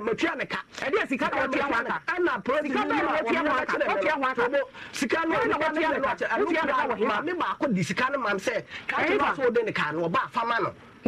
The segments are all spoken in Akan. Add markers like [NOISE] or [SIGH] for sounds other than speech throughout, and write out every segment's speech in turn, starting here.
matua ne ka ɛdeɛ sika na wɔtua ho aka ɛna sika bɛɛ na wɔtua ho aka wɔtua ho aka sika no na wɔtua no wɔtua no ma me baako di sika no ma sɛ kaa to no so wode ne kaa no ɔba afama no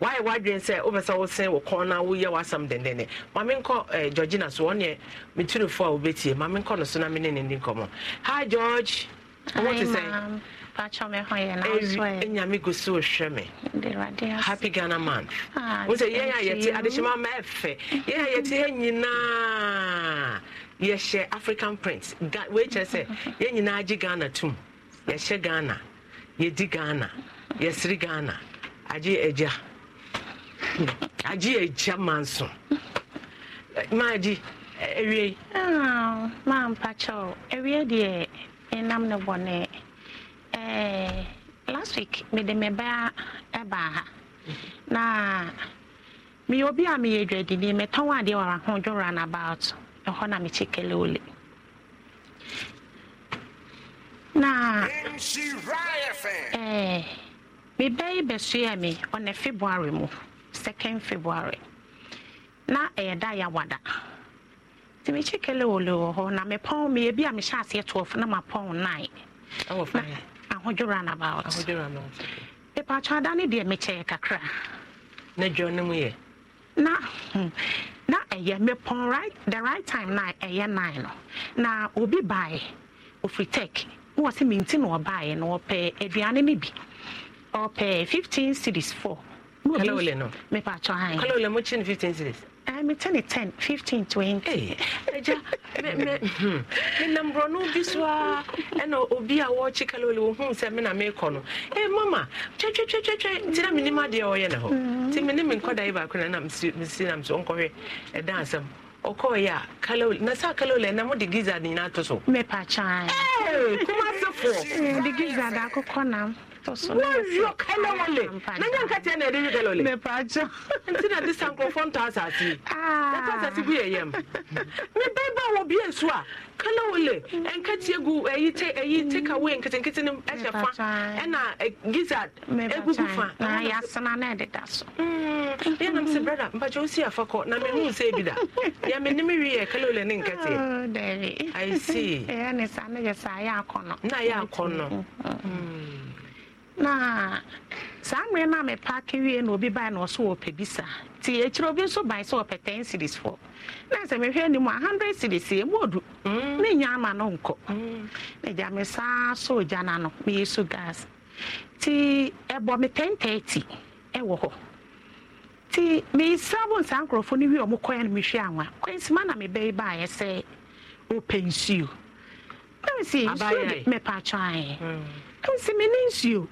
say over sɛ say we wosen wo kɔn na some w'asɛm dendene eh? mame nkɔ eh, georgina so ɔneɛ metirifoɔ a wobɛtie mame nkɔ no so na mene ne come on hi george ɔwote sɛ ɛnyame gu so hwɛ me happy ghana month wo sɛ yɛn a yɛte adehyɛma ma ɛfɛ a yɛte yɛ nyinaa yɛhyɛ african print wei kyerɛ [LAUGHS] sɛ yɛn nyinaa gye ghana tom yɛhyɛ ghana yɛdi ghana yɛsere ghana agye agya agye akyia manso maagye awie mampakyɛw ewie deɛ ɛnam ne bɔne last week mede me ba ɛbaa ha na meyɛ obi a meyɛ adwadini metɔn adeɛ wɔ mahodwo run about ɛhɔ na mekyi ole na mebɛyi bɛsoɛ me ɔnɛ february mu second february na ɛyɛ da yawada nti mekyi kele ole wɔ hɔ na mepɔn me ebi a mehyɛ aseɛ 12 na mapɔn 9 ahodwo run about mepatwa ada ne deɛ mekyɛɛ kakra na dwa no mu yɛ na na ɛyɛ mepɔn right the right time na ɛyɛ 9 no na obi bae ofiri tech na wɔse menti na ɔbaeɛ na ɔpɛ aduane no bi ɔpɛ 15 cities 4 Ah, mm-hmm. uh, kalawole mm-hmm. e mo kyerɛ no 15 series metɛ menam borɔno bi so a ɛna obi a wɔkye kalawole wɔhuu sɛ mena meekɔ no mama twɛtwɛtwɛtwɛ nti menim adeɛ ɔyɛ ne hɔ nti mene me nkɔdae baako na nam nam so nkɔhwɛ ɛda asɛm ɔkɔɔyɛ a kalawole na saa kalawole ɛna mode giza ne nyinaa to so mepatɔ ae kumasefoɔ mm, de giza de akokɔ nam woyɔ kalawale na nyɛ nka teɛ na yɛde yɛ kalawale nti na de sa nkurɔfoɔ ntɔ asase yi yɛtɔ asase gu yɛyɛ m mebɛɛ ba wɔ bie nso a kalawale ɛnkateɛ gu ɛyi te ɛyi take away nketenkete no ɛhyɛ fa ɛna gizzard ɛgugu fa yɛasena na ɛdeda so yɛnam sɛ brada mpakyɛ wosi afa kɔ na mehu sɛ bi da yɛmene me wiɛ kalawale ne nkateɛ i see ɛyɛ ne saa ne yɛ saa yɛ akɔnɔ na yɛ akɔnɔ na saa mmerɛ no a mepaake wie na obi bae na ɔso wɔpɛ bi saa nti akyirɛ obi nso ban sɛ ɔpɛ 10 series fɔ na sɛ mehwɛ anim a 100 series ɛmu ɔdu mm. ne nya ama no nkɔ mm. na gya me saa so gya no ano meyɛ so gas nti ɛbɔ me 1030 ɛwɔ hɔ nti meesra bo nsaa nkurɔfoɔ no wie ɔmo kɔɛ no mehwɛ anwa kwansima na mebɛyi baeɛ sɛ ɔpɛ nsuo na mesi nsuo de mepɛ atwaeɛ nsi mm. me ne nsuo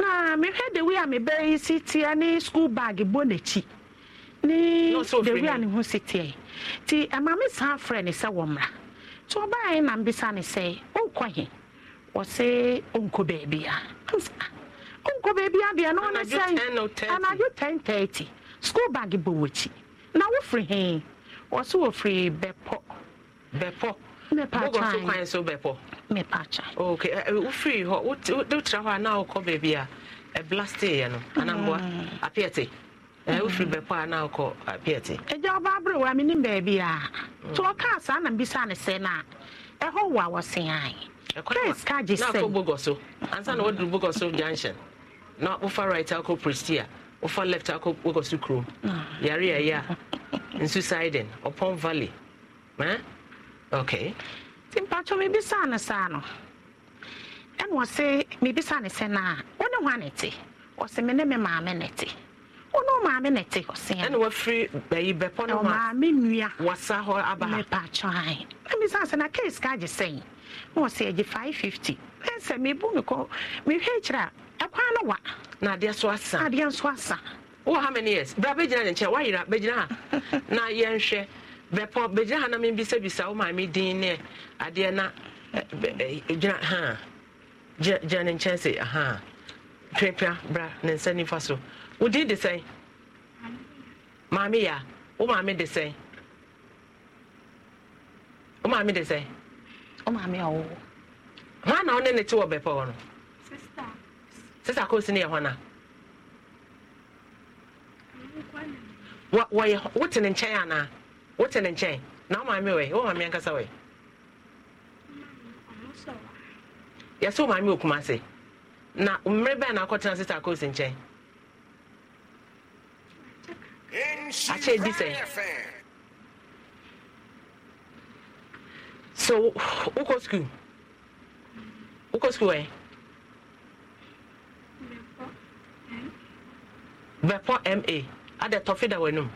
na mehwɛ de wi a mebɛyi si teɛ ne school bag bɔ n'akyi ne de wi a ne ho si teɛ nti ɛma me san frɛ ne sɛ wɔ mmra nti ɔbaa na mbisa ne sɛ ɔnkɔ ɔnkɔ ɔnkɔ deɛ no sɛ 1030 school bag bɔ w'akyi na wofiri he wɔse wɔfiri bɛpɔ bɛpɔ ne pa mepakya okay wofiri eh, eh, hɔ wotra hɔ a na wokɔ baabi a ɛblasteeɛ eh, no anamboa mm. apeɛte wofiri bɛpɔ a na wokɔ apeɛte agya ɔba aberɛwɔ a menim baabi a nti mm. ɔkaa saa na mbisa ne sɛ no a ɛhɔ wo a wɔseae case so ansa na wɔduru bogɔ so junction na wofa right akɔ prestia wofa left akɔ bogɔ so kurom mm. yare ayɛ a nsu siden ɔpon valley eh? okay nti saa no ɛna ɔse mebisa ne sɛ no a wone hɔ ne te ɔse me ne me maame ne te wone wo maame ne te wafiri bayi bɛpɔ no wasa hɔ abamepatwɔ ae na mebisa sɛ na case ka agye sɛn na ɔse agye 550 ɛsɛ mebu me mehwɛ kyerɛ a ɛkwan no wa na adeɛ so asa adeɛ nso asa how many years bɛgyina ne nkyɛn woayera [LAUGHS] bɛpɔ bɛgyina ha na membisabisa wo maame din ne adeɛ na eh, eh, gyina ha gyina ne nkyɛn se ha twɛpia bra ne nsa nifa so wo din de sɛn maame yɛ a wo maame de sɛn wo maame de sɛn wo maame a wɔwɔ hɔn na wo ne ne te wɔ bɛpɔ wɔ no sisa koosi ne yɛ hɔn a wɔyɛ wote ne nkyɛn anaa wote ne nkyɛn na womaame wɛ wo maame ankasa wɛ yɛsɛ wo maame wɔ kuma ase na mmerɛ bɛn na akɔtena sista akɔsi nkyɛn akyɛ di sɛ so wokɔ skul wokɔ skul ɛ bɛpɔ ma adɛ tɔfe da w'anum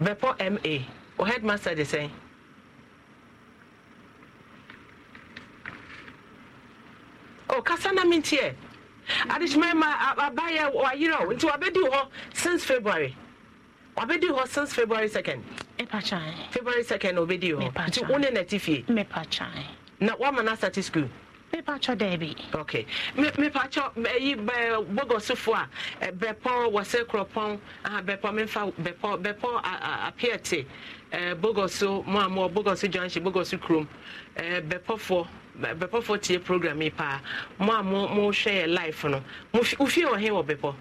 bɛpɔ ma o headmaster de sɛn o kasa na menteɛ adesima ma abayɛ wayerɛ o nti wabɛdi hɔ since february wabɛdi hɔ since february second february second na obɛdi hɔ nti wo ne nati fie na woama no asate school mepatwɔ daabi ok mepatwɔ ɛyi bɔbɔsofoɔ a e, bɛpɔ wɔsɛ kurɔpɔn bɛpɔ memfa bɛpɔ bɛpɔ apiɛte bogoso mo a mo bogoso junction bogoso kurom e, bɛpɔfoɔ bɛpɔfoɔ tie program yi paa mo a mo mo hwɛ yɛ life no mo ofie wɔ he wɔ bɛpɔ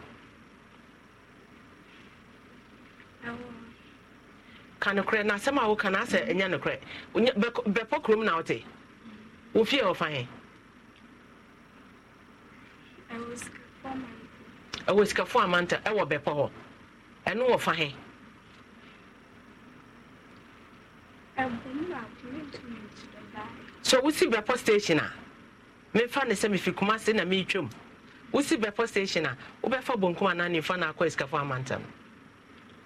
ka nokorɛ na asɛm a woka na asɛ ɛnyɛ nokorɛ bɛpɔ kurom na wote ofie wɔ fa he ɛwɔ sikafo amanta ɛwɔ bɛpɔ hɔ ɛno wɔ fa he so wosi bɛpɔ station a mefa ne sɛ mefi kuma se na meretwam wosi bɛpɔ station a wobɛfa bonkum anaa nimfa na akɔ sikafo amanta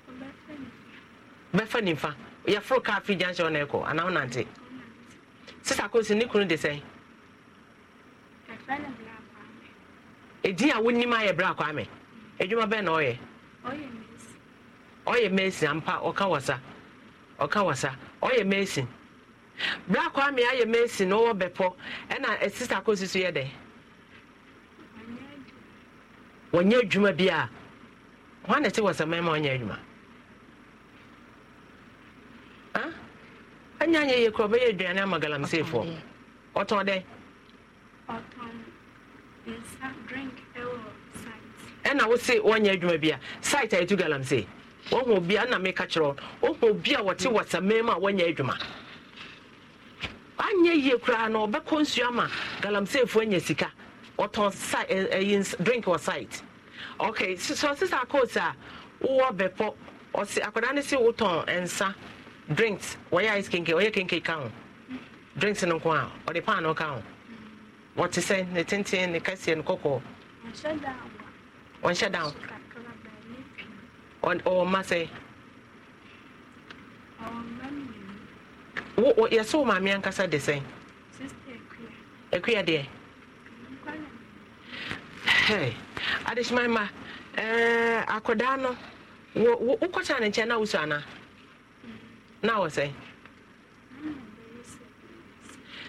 no bɛfa nimfa yɛforo kaa fi gyanhyɛ wo na ɛkɔ anaa wonante sisa kosi ne kunu de sɛn edin a wonim ayɛ berɛ akɔ ame edwuma bɛn na ɔyɛ ɔyɛ mesin ampa ɔka wasa ɔka wasa ɔyɛ mesin berɛ akɔ ame ayɛ mesin na ɔwɔ bɛpɔ ɛna sista kosi so yɛ dɛ wɔnyɛ adwuma bi a wɔn na ɛte wasamɛn ma ɔnyɛ adwuma ɛnyɛ anyɛ yie korɔ ɔbɛyɛ aduane ama galamsey foɔ ɔtɔn dɛ ɔtɔn ɛna wo se wɔnyɛ adwuma bi a site oh, oh, a ɛtu galamsey. se wɔhu obi a na meka kyerɛ wɔhu obi a wɔte wɔsamɛn mu a wɔnyɛ adwuma anyɛ yie koraa na ɔbɛkɔ nsuo ama galamseefoɔ anya sika ɔtɔn site ɛyi eh, eh, drink wɔ site Ok so sister coach a wowɔ bɛpɔ ɔsi akwadaa ne se wotɔn nsa drinks wɔyɛ ice kenke ɔyɛ kenke ka ho drinks no nko a ɔde pan no ka ho. wɔte sɛ ne tenten ne kɛseɛ ne kɔkɔɔ ɔnhyɛ dan ɔwɔ ma sɛ yɛsɛ oh, wo maame ankasa de sɛn akua deɛ adehyema ma eh, akɔdaa no wokɔkyɛ ne nkyɛn na wosu ana mm. na wɔ sɛn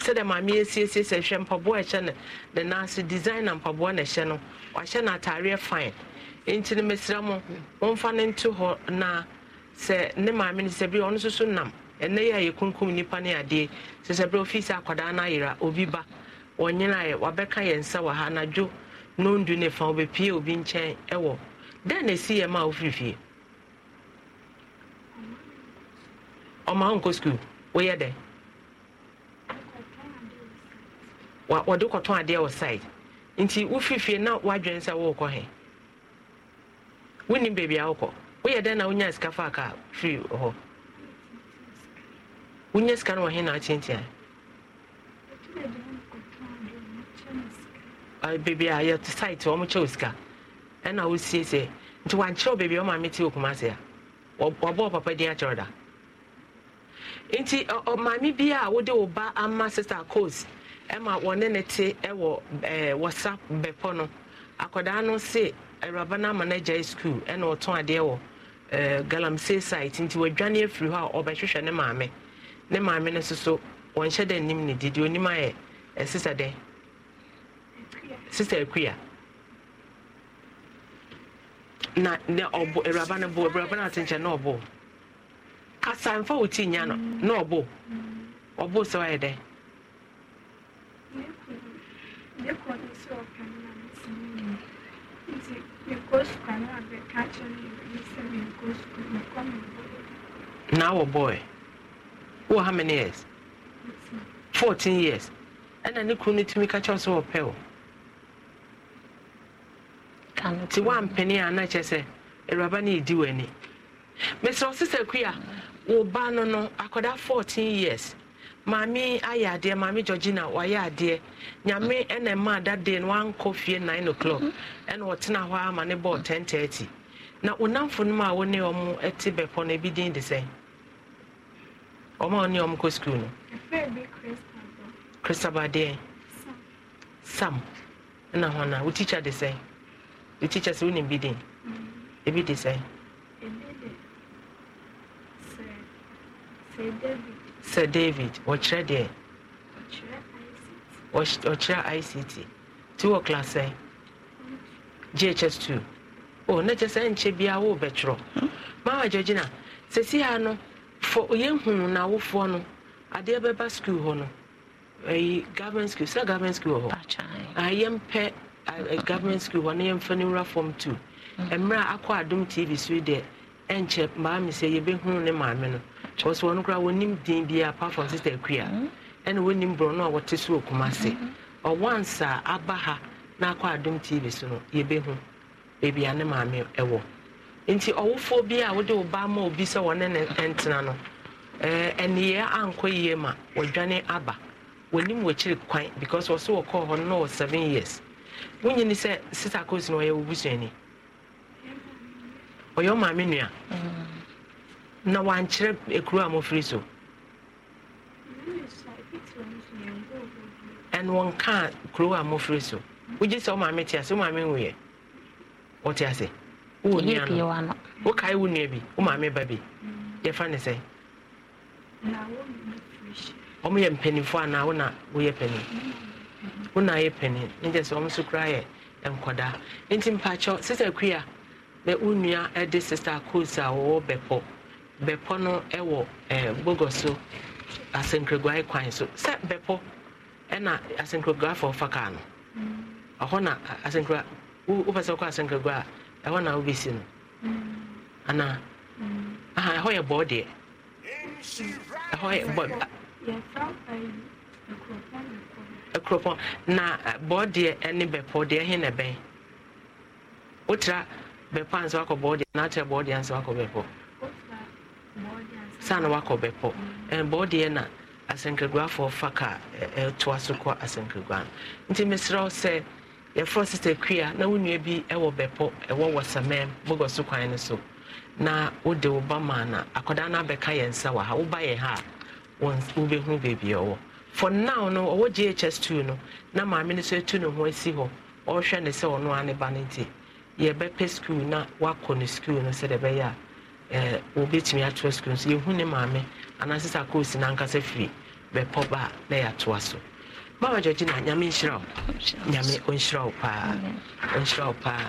sɛdeɛ maame asiesie sɛ hwɛ mpaboa ɛhyɛ no ne nan design na mpaboa na ɛhyɛ no wahyɛ no ataareɛ fine nti no mesrɛ mo wɔmfa no nto hɔ na sɛ ne maame no sɛ bi ɔno nso so nam ɛnɛ yi a yɛkunkum nnipa ne adeɛ sɛ sɛ berɛ ofiisi akwadaa no ayera obi ba wɔnyenaeɛ wabɛka yɛn nsa wɔ ha nadwo na ɔndu ne fa wobɛpie obi nkyɛn ɛwɔ dɛn na ɛsi yɛ ma a wofiri fie sukuu woyɛ dɛn wɔde kɔtɔn adeɛ wɔ side nti wofifie na wadwene sɛ wokɔ he wonim baabi a wokɔ woyɛ dɛn na wonya sika fa ka firi hɔ wonya sika no wɔhe na akyentia baabi a yɛto site wɔm kyɛ wo sika ɛna wosiesie nti wankyerɛw baabi a ɔma mete okuma ase a wɔbɔɔ papa din akyerɛw da nti maame bi a wode wo ba ama sister cos ɛma wɔne ne te ɛwɔ eh, ɛɛ eh, whatsapp bɛpɔ no akwadaa eh, no se awuraba no ama n'agya school ɛna ɔtɔn adeɛ wɔ ɛɛ galamsey site nti wadwane afiri hɔ a ɔbɛhwehwɛ ne maame ne maame no soso wɔnhyɛ dɛ nim ne didi onim ayɛ ɛsisa dɛ sisa akuya na na ɔbɔ awuraba no bɔ awuraba no ate nkyɛn na ɔbɔ kasanfa wo ti nya no na ɔbɔ ɔbɔ sɛ ɔyɛ dɛ yɛkɔ ne sɛ ɔkane na mesene ne nti mekɔ sukua no a bɛka kyerɛ no yɛbɛne sɛ menkɔ sukua mekɔ mebɔ Now, oh boy. Oh, how many years? Fourteen years. ɛna ne kuro no tumi ka kyɛw sɛ wɔpɛ wo nti woampene a na kyɛ sɛ awuraba no yɛdi w'ani mesrɛ wo sesɛ kui a wo ba no no akɔda fourteen years maame ayɛ adeɛ maame georgina wayɛ adeɛ nyame ɛna ɛma ada day no wankɔ fie nine o'clock mhm. ɛna ɔtena hɔ ama ne ten thirty na onamfo no mu a wɔne wɔn ɛte bɛpɔ no ebi din de sɛn wɔn a wɔne wɔn kɔ sukuu no. christabel deɛ sam ɛna hɔn a wo teacher de sɛn wo teacher sɛ wonim bi din mm. ebi de sɛn. ebi de sɛ sɛ debi. sir david ɔkyerɛ deɛ ɔkyerɛ ict ti wɔ class ɛn ghs2 o na kyɛ sɛ nkyɛ biara worebɛtwerɛ maa wagyɔgyina sɛsi ha no fo yɛhunu n'awofoɔ no adeɛ bɛba skul hɔ no ɛyi gavment school sɛ gavment school wɔ hɔ yɛmpɛ gavment school hɔ no yɛmfa no wura form 2 mmerɛ a akɔ adom tv so yi deɛ ɛnkyɛ maame sɛ yɛbɛhunu ne maame no kyɛw sɛ koraa wɔnim din biara apart from sister akua ɛna wɔnim borɔno a wɔte so okuma ɔwansa aba ha na akɔ adom tv so no yɛbɛhu baabi a ne maame ɛwɔ nti ɔwofoɔ bi a wode ma obi sɛ wɔne ne no eh, yie ma wɔdwane aba wɔnim wɔkyiri kwan because wɔkɔɔ hɔ no na wɔ seven years wonyini sɛ sister kosi no ɔyɛ ɔyɛ ɔmaame nua mm-hmm. na wankyerɛ ekuro a mofiri so ɛn wɔnkaa kuro a mofiri so wogye sɛ womaame te ase womaame nwuyɛ wɔte ase wowɔ nua no wokae wo nua bi womaame ba bi yɛfa ne sɛ ɔmoyɛ mpanimfoɔ anaa wona woyɛ ihe wona yɛ panin ne kyɛ sɛ ɔmo so koraa yɛ nkɔdaa nti mpakyɛw sista kuya na wo nua de sista codes a bɛpɔ bepɔ no wɔ eh, bogɔ so asɛnkraguae kwan so sɛ bepɔ ɛna asɛnkraguafoɔ fa kaa no ɛhɔ na asɛnkra wopɛ sɛ wokɔ asɛnkragua a ɛhɔ na wobɛsi no anaa aha ɛhɔ yɛ bɔɔ deɛ ɛhɔ yɛ bɔ akuropɔn na eh, bɔɔ deɛ ɛne bɛpɔ deɛ ɛhe na ɛbɛn wotira bɛpɔ ansa wakɔ bɔɔ deɛ na atira bɔɔ deɛ ansa wakɔ bɛpɔ saa na wakɔ bɛpɔ ɛnbɔ deɛ na asɛnkeguafoɔ fa ka ɛtoa so kɔ asɛnkegua no nti mesrɛ sɛ yɛfrɛ sister kua na wo nua bi ɛwɔ bɛpɔ ɛwɔ wɔ samɛm bogɔ so kwan no so na wode wo ba ma na akɔdaa no abɛka yɛn nsa wɔ ha woba yɛ ha a wobɛhu baabi ɔwɔ for now no ɔwɔ ghs2 no na maame no so atu ne ho asi hɔ ɔrehwɛ ne sɛ ɔno a ne ba no nti yɛbɛpɛ skul na wakɔ ne skul no sɛdeɛ ɛbɛyɛ a wobɛtumi eh, atoa sukuu nso yɛhu ne maame anaasɛ sɛ akɔɔsi nankasa firi bɛpɔ ba a na yɛatoa so mama georgina nyame nhyira wo nyame ɔnhyira wo paa ɔnhyira wo paa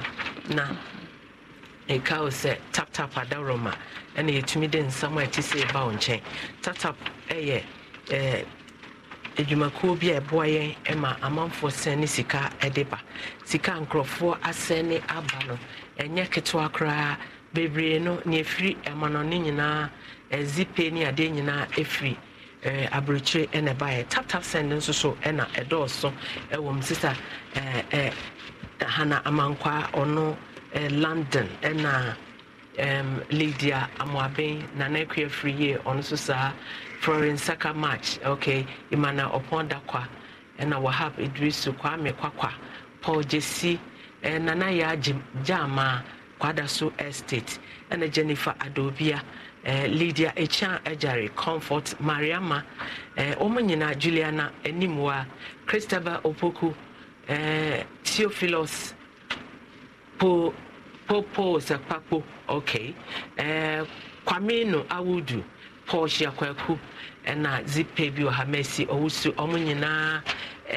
na ɛka wo sɛ taptap adaworɔma ɛna yɛtumi de nsɛm a ɛte sɛ ɛba wo nkyɛn taptap ɛyɛ edwumakuo eh, bi a ɛboa yɛn ma amanfoɔ sɛn ne sika ɛde ba sika nkurɔfoɔ asɛn ne aba no ɛnyɛ ketewa koraa bebree no na efiri ɛmano no nyinaa ɛzi pe ne adeɛ nyinaa ɛfiri ɛɛ aburokyire ɛna ɛbaeɛ taptap send nso so ɛna ɛdɔɔso ɛwɔ mu sisa ɛɛ ɛɛ hana amankwa ɔno ɛɛ london ɛna ɛɛm lydia amuaben na ekua firi yie ɔno nso saa florence saka match okay imana ɔpɔn dakwa ɛna wahab idrisu kwame kwakwa paul jesi ɛɛ nana yaa gyama. kwadaso estate ɛna jennifer adobia eh, lydia echan ejare comfort mariama wɔn eh, nyinaa juliana enimwa christabel opoku eh, theophilus po popo sekpapo okay eh, kwaminu awudu paul shiakwaku ɛna zipe bi wɔ ha wɔn nyinaa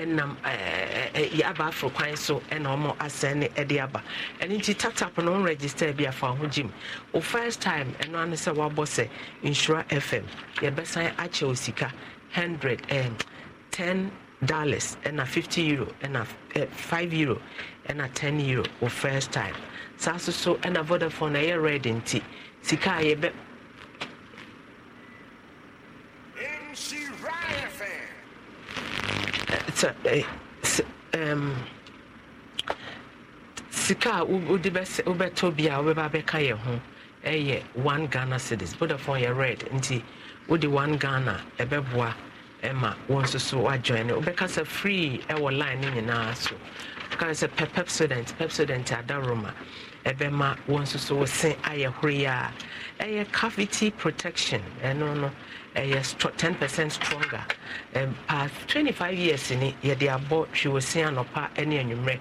ɛnam ɛɛ aba afro kwan so ɛna wɔn asɛn ɛde aba ɛno nti tatap no wɔn register bi afɔ ahogye mu o first time ɛno ano sɛ wabɔ sɛ nsura fm yɛbɛsan akyɛ o sika hundred ɛɛm ten dollars ɛna fifty euro ɛna ɛ five euro ɛna ten euro o first time saa so so ɛna vodafone ɛyɛ red nti sika a yɛbɛ. Eh, sika a wode wobɛtɔ bi a wobɛba bɛka yɛ ho ɛyɛ one ghana cities vodafone yɛ red nti wode one ghana ɛbɛboa ɛma wɔn nso so wajoin no wobɛka sɛ free ɛwɔ line no nyinaa so wobɛka sɛ pɛ pepsodent pepsodent adaroma ɛbɛma wɔn nso so wose ayɛ hore a ɛyɛ cavity protection ɛno no Eh, ten percent stronger um, past twenty five years ni yɛde abɔ hwewɔsi anɔpa ɛne anwummerɛ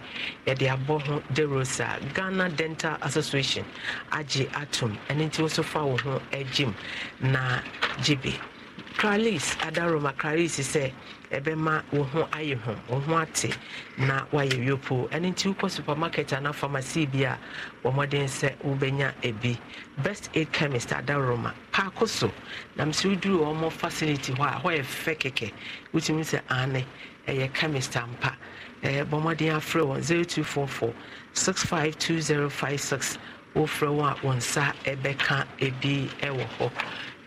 yɛde abɔ ho rosa ghana dental association AJ atom ɛne nti wɔso fa wo ho agyim na gye bi kralis adaroma kralis say. ɛbɛma wo ho ayɛ ho wo ho ate na woayɛ yopo ɛno nti wokɔ supermarket anaa pharmacy bi a wɔmmɔden sɛ wobɛnya ebi best aid chemist adaroma paako so nam sɛ woduru wɔmmɔ facility hɔ a hɔ yɛ fɛ kɛkɛ wotumi sɛ ane ɛyɛ chemist ampa ɛyɛ bɔmmɔden afrɛ wɔn five 652056 wofrɛ wɔn a wɔn nsa ɛbɛka ebi ɛwɔ hɔ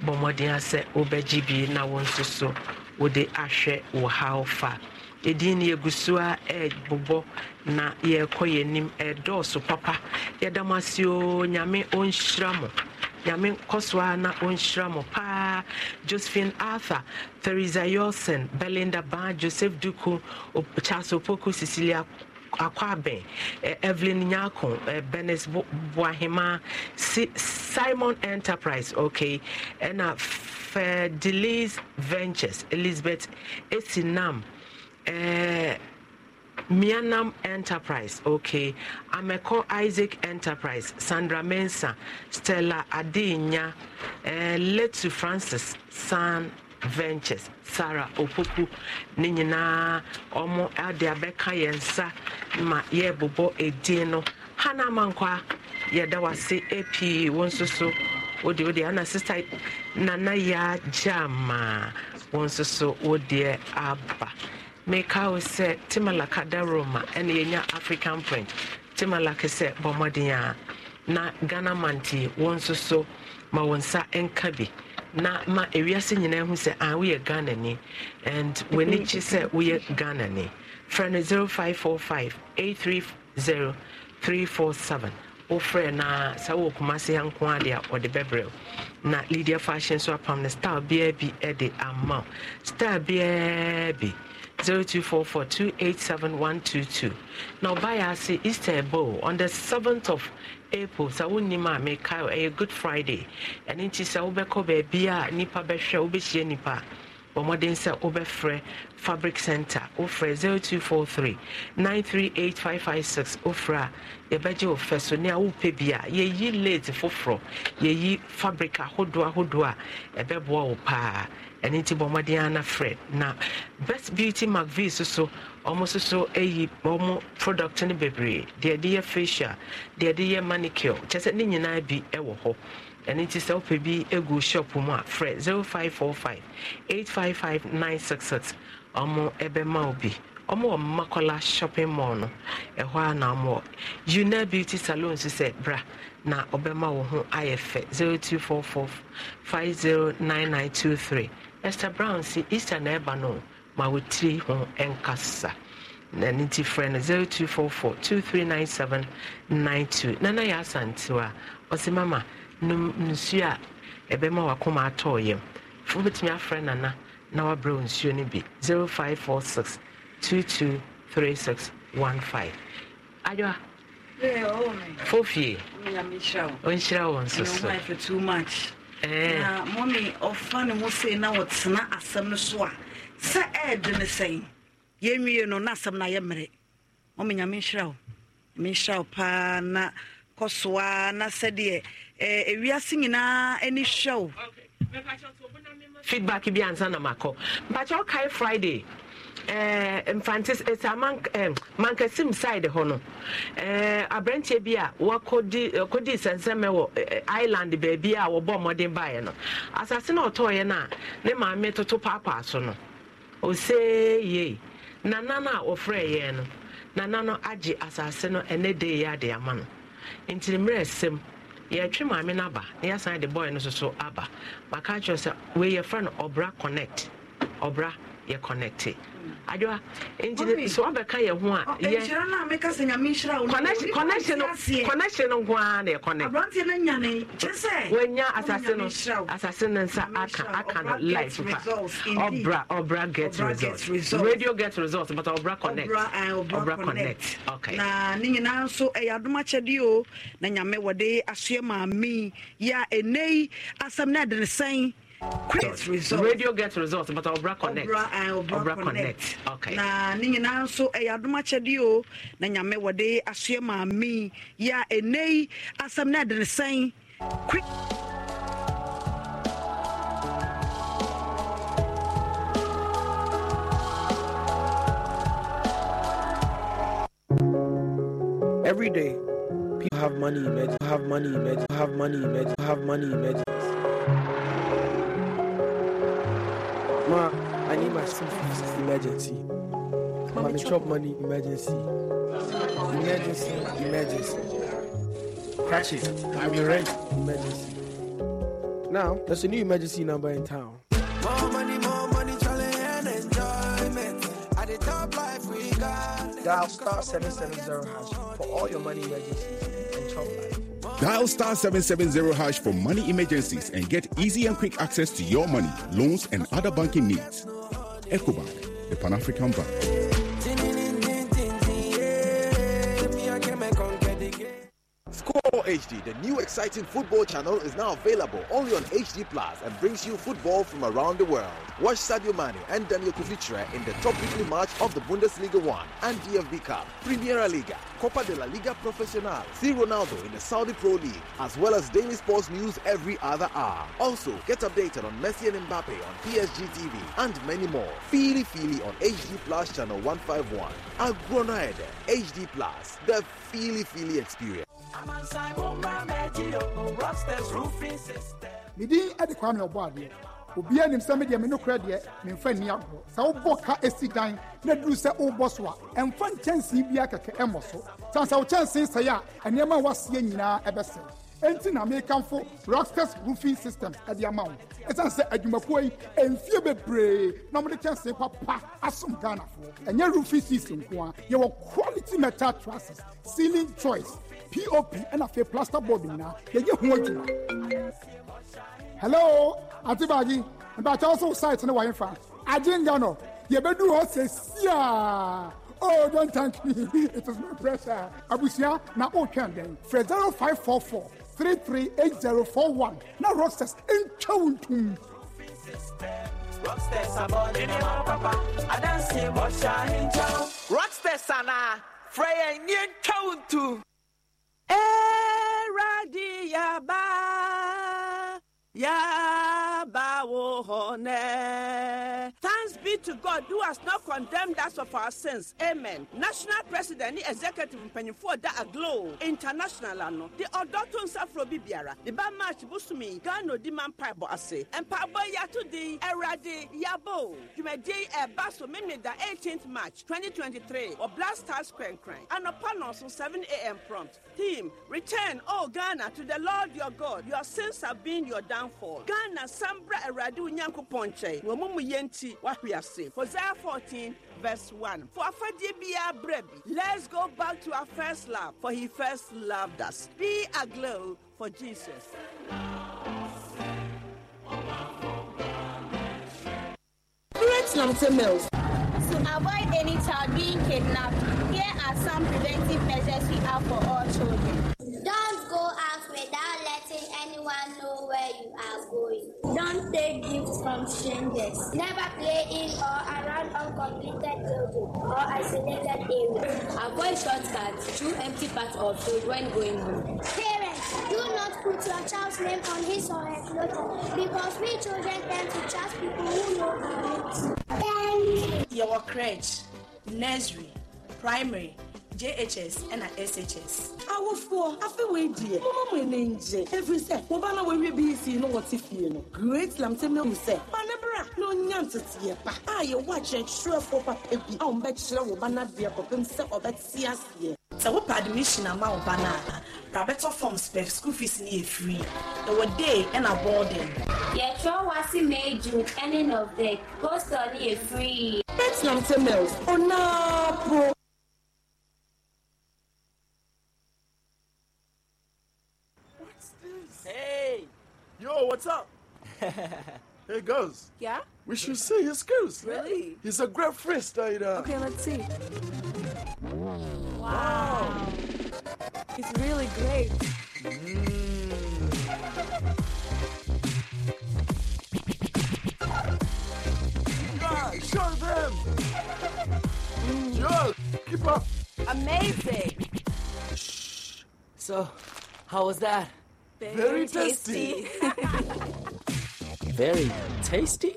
bɔmmɔden asɛ wobɛgye bi na wɔn nso so wɔde ahwɛ wɔ ha fa ɛdin no yɛgu so a ɛbobɔ na yɛrekɔ yɛ anim ɛdɔɔso papa yɛda mo ase o nyame ɔnhyira mo nyame nkɔ na ɔnhyira mo paa josephine arthur theresa yolson belinda ban joseph duku charles opoku cecilia akwaben evelyn nyako benis boahema simon enterprise okay ɛna uh, Delays Ventures, Elizabeth Esinam, uh, Mianam Enterprise, okay, Ameko Isaac Enterprise, Sandra Mensa, Stella Adinya, uh, Letu Francis, San ventures sarah opoku Ninina, Omo ɔmo Yensa, ma yɛrebobɔ Edino, Hannah hana amankwa yɛda wase wode wodeɛ ana sister nana yɛagya maa wɔn nso so wodeɛ aba meka wo sɛ timalakada roma ɛne yɛnya african print timalake sɛ bɔ mmɔden a na ghana manti wɔn nso so ma wɔn nsa nka bi na ma ewiase nyinaa ho sɛ ah woyɛ ghana ni and w'ani gye sɛ woyɛ ghana ni frɛ no 0545 wofrɛ na sɛ wowɔ kuma se nko a deɛ wɔde bɛbrɛw na lydia fashion so apam no style biaa bi de ama wo style biaa bi 0244287122 na ɔba yɛ ase easter bow on the 7th of april sɛ wonnim a meka ɛyɛ good friday ɛno nti sɛ wobɛkɔ baabi a nnipa bɛhwɛ wobɛhyia nnipa bɔ mmɔden sɛ wobɛfrɛ fabric center ofra 0243 938556 wofrɛ a yɛbɛgye wo fɛ so ne a wopɛ bi yɛyi late foforɔ yɛyi fabric ahodoɔ ahodoɔ a ɛbɛboa wo paa ɛno nti bɔ mmɔden ana frɛ na best beauty macv so so ɔmo soso ayi ɔmo product no bebree deɛ de yɛ facial deɛ de yɛ manicure kyɛ sɛ ne nyinaa bi ɛwɔ hɔ ɛno nti sɛ wopɛ bi egu shop mu a frɛ 0545 855 966 ɔmo ɛbɛma wo bi ɔmo wɔ mmakola shopping mall no ɛhɔ a na ɔmo wɔ una beauty salon si sɛ bra na ɔbɛma wo ho ayɛ fɛ zero two four four five zero nine nine two three esther brown si easter na ɛba no ma wo tiri ho nkasa na ne ti frɛ no zero two four four two three nine seven nine two nana yɛ asantewa ɔsi mama num nsuo a ɛbɛma wakoma atɔɔ yam fo betumi afrɛ nana. na wabrɛ nsuo no bi 0546 223615 adwa fofie ɔnhyira wo nso so mɔme ɔfa too much. Eh. na wɔtena asɛm no so say now what's not a eh, yɛnwie no na asɛm no ayɛ mmerɛ mɔme nyame nhyira wo nyame nhyira wo paa na kɔ soa na sɛdeɛ eh, ewiase nyinaa ani hwɛ wo feedback bi ansa na makɔ mpakyɛ ɔkae friday mfantes eh, ɛsɛ eh, mankasim side hɔ no eh, aberanteɛ bi a wakɔdii sɛnsɛmɛ wɔ island baabi a wɔbɔ mmɔden baeɛ no asase na ɔtɔɔyɛ no a ne maame toto paapaa so no ɔsee yie nana no a wɔfrɛ yɛn no nana no agye asase no ɛnɛ de yɛ ade ama no nti mmerɛ sɛm yɛtwe maame no aba na yɛasan de boy no soso aba maka kyerɛ sɛ wei yɛfrɛ no ɔbra connect ɔbra yɛ connecte adwa nti sɛ wabɛka yɛ ho a oh, connection no ho a na yɛ connectwanya asase no asase no nsa aka aka no life pa ɔbra get result radio get result but ɔbra connect ɔbra eh, connect okay na ne nyinaa nso ɛyɛ adom akyɛdeɛ o na nyame wɔde asoɛ maa me yi a ɛnɛ yi asɛm no ɛde sɛn Radio gets results, but Obra Connect. Obra, uh, Obra, Obra Connect. Connect. Okay. Na ninyi na so e eh, adoma chede o na nyame wode asue ma mi ya enei asem na de sen. Quick. Every day, people have money, imagine, have money, imagine, have money, imagine, have money, imagine. school fees emergency mami chop money emergency emergency emergency catch it i will rent emergency now there's a new emergency number in town more money more money challenge and enjoyment at the top life we got dial star 770 hash for all your money emergencies and chop life Dial star 770 hash for money emergencies and get easy and quick access to your money, loans, and other banking needs. Ecobank, the Pan African Bank. HD, the new exciting football channel is now available only on HD Plus and brings you football from around the world. Watch Sadio Mane and Daniel Kuvitra in the top weekly match of the Bundesliga 1 and DFB Cup, Primera Liga, Copa de la Liga Profesional, see Ronaldo in the Saudi Pro League, as well as daily sports news every other hour. Also, get updated on Messi and Mbappe on PSG TV and many more. Feely Feely on HD Plus Channel 151. Agronaide HD Plus, the Feely Feely experience. mede ade kwa me ɔbɔ adeɛ obiaa nim sɛ medeɛ me nokorɛ deɛ memfa nni agorɔ sɛ wobɔ ka ɛsi dan na duru sɛ wobɔ so a ɛmfa nkyɛnsee biaa kɛkɛ ɛmmɔ so sane sɛ wo kyɛnsee sɛe a ɛnneɛma waseɛ nyinaa ɛbɛsɛe ɛnti na mekamfo rockstars roofing systems ɛde ama wo ɛsiane sɛ adwumakuo yi ɛmfie bebree na ɔmode kyɛnsee papa asom ghanafoɔ ɛnyɛ roofing season nko a yɛwɔ quality metal trusses sealing choice pop ɛna afei plaster board nyinaa yɛyɛ ho adwuma hello ante baagi mpakyɛw so site ne wɔyɛ fa agyenga no yɛbɛdu hɔ sɛsia Oh, don't thank me. [LAUGHS] It is my pressure. Abusia, na otwɛn dɛn. Fred 0544 338041. Na Rockstars ntwa ntum. Rockstars abɔde ne wa papa. Adansi bɔ hyɛ ahenkyɛw. Rockstars ana, Freya nye ntwa ntum eradi yaba yaba wohone to God who has not condemned us of our sins. Amen. National President, the Executive Mpanyinfoɔ that aglow international ano. The ɔdɔto nsafuro bi biara. The ba march busumi Ghana odi ma ase. Mpaebɔ yi ato yabo. 18th March 2023 7 a.m. prompt. team Return, O Ghana, to the Lord your God. Your sins have been your downfall. Ghana sambra ɛwurade onyankopɔn nkyɛn. Wɔn mu for hosea 14 verse 1 for afɛdeɛ be berɛ brebby, let's go back to our first love for he first loved us be aglow for jesus To avoid any child being kidnapped, here are some preventive measures we have for all children anyone know where you are going. Don't take gifts from strangers. Never play in or around uncompleted buildings or isolated areas. Avoid shortcuts through empty parts of road when going home. Parents, do not put your child's name on his or her clothes because we children tend to trust people who know our needs. Thank you. Your crèche, nursery, primary, JHS and SHS. Our four, after we dear, Mama Ninja, every set, Wabana will be busy. seeing what if you know. Great Lamtemo said, Manabra, no nonsense, Yepa. I ah, watch a sure for Papa, i am bet sure Wabana be a compensa or bet see us here. sɛ wopɛ admission ama wo ba no forms per school fees no yɛ free ɛwɔ day and a boarding yɛtwerɛ wase may june end of the hostel no yɛ free betnam tamils ɔnaa po Yo, what's up? [LAUGHS] hey, girls. Yeah? We should see his skills. Really? He's a great freestyler. Okay, let's see. Wow. wow. It's really great. Mm. show them! Mm. keep up! Amazing! Shh. So, how was that? Very, Very tasty. [LAUGHS] Very tasty?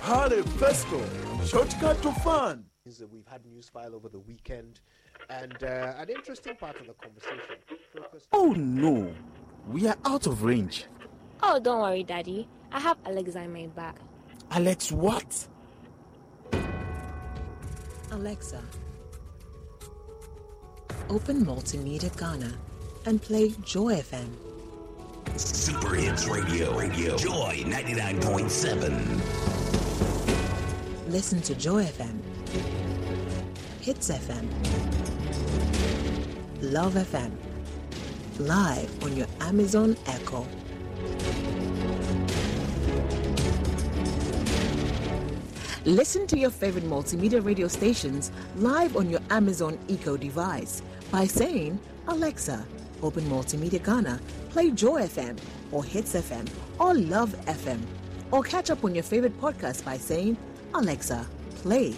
Hale Fresco, shortcut to fun. We've had news file over the weekend and uh, an interesting part of the conversation. Oh no, we are out of range. Oh, don't worry, Daddy. I have Alexa in my back. Alex, what? Alexa, open multimedia Ghana and play Joy FM. Super Hits Radio, Radio, Joy 99.7. Listen to Joy FM, Hits FM, Love FM, live on your Amazon Echo. Listen to your favorite multimedia radio stations live on your Amazon Echo device by saying, Alexa, Open Multimedia Ghana, play Joy FM or Hits FM or Love FM, or catch up on your favorite podcast by saying, Alexa, play,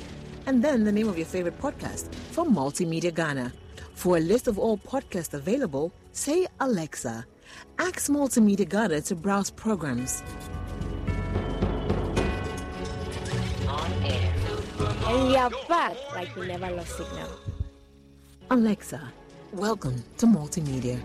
and then the name of your favorite podcast from Multimedia Ghana. For a list of all podcasts available, say Alexa. Ask Multimedia Ghana to browse programs. On air. And we are back like we never lost signal. Alexa, Welcome to Multimedia.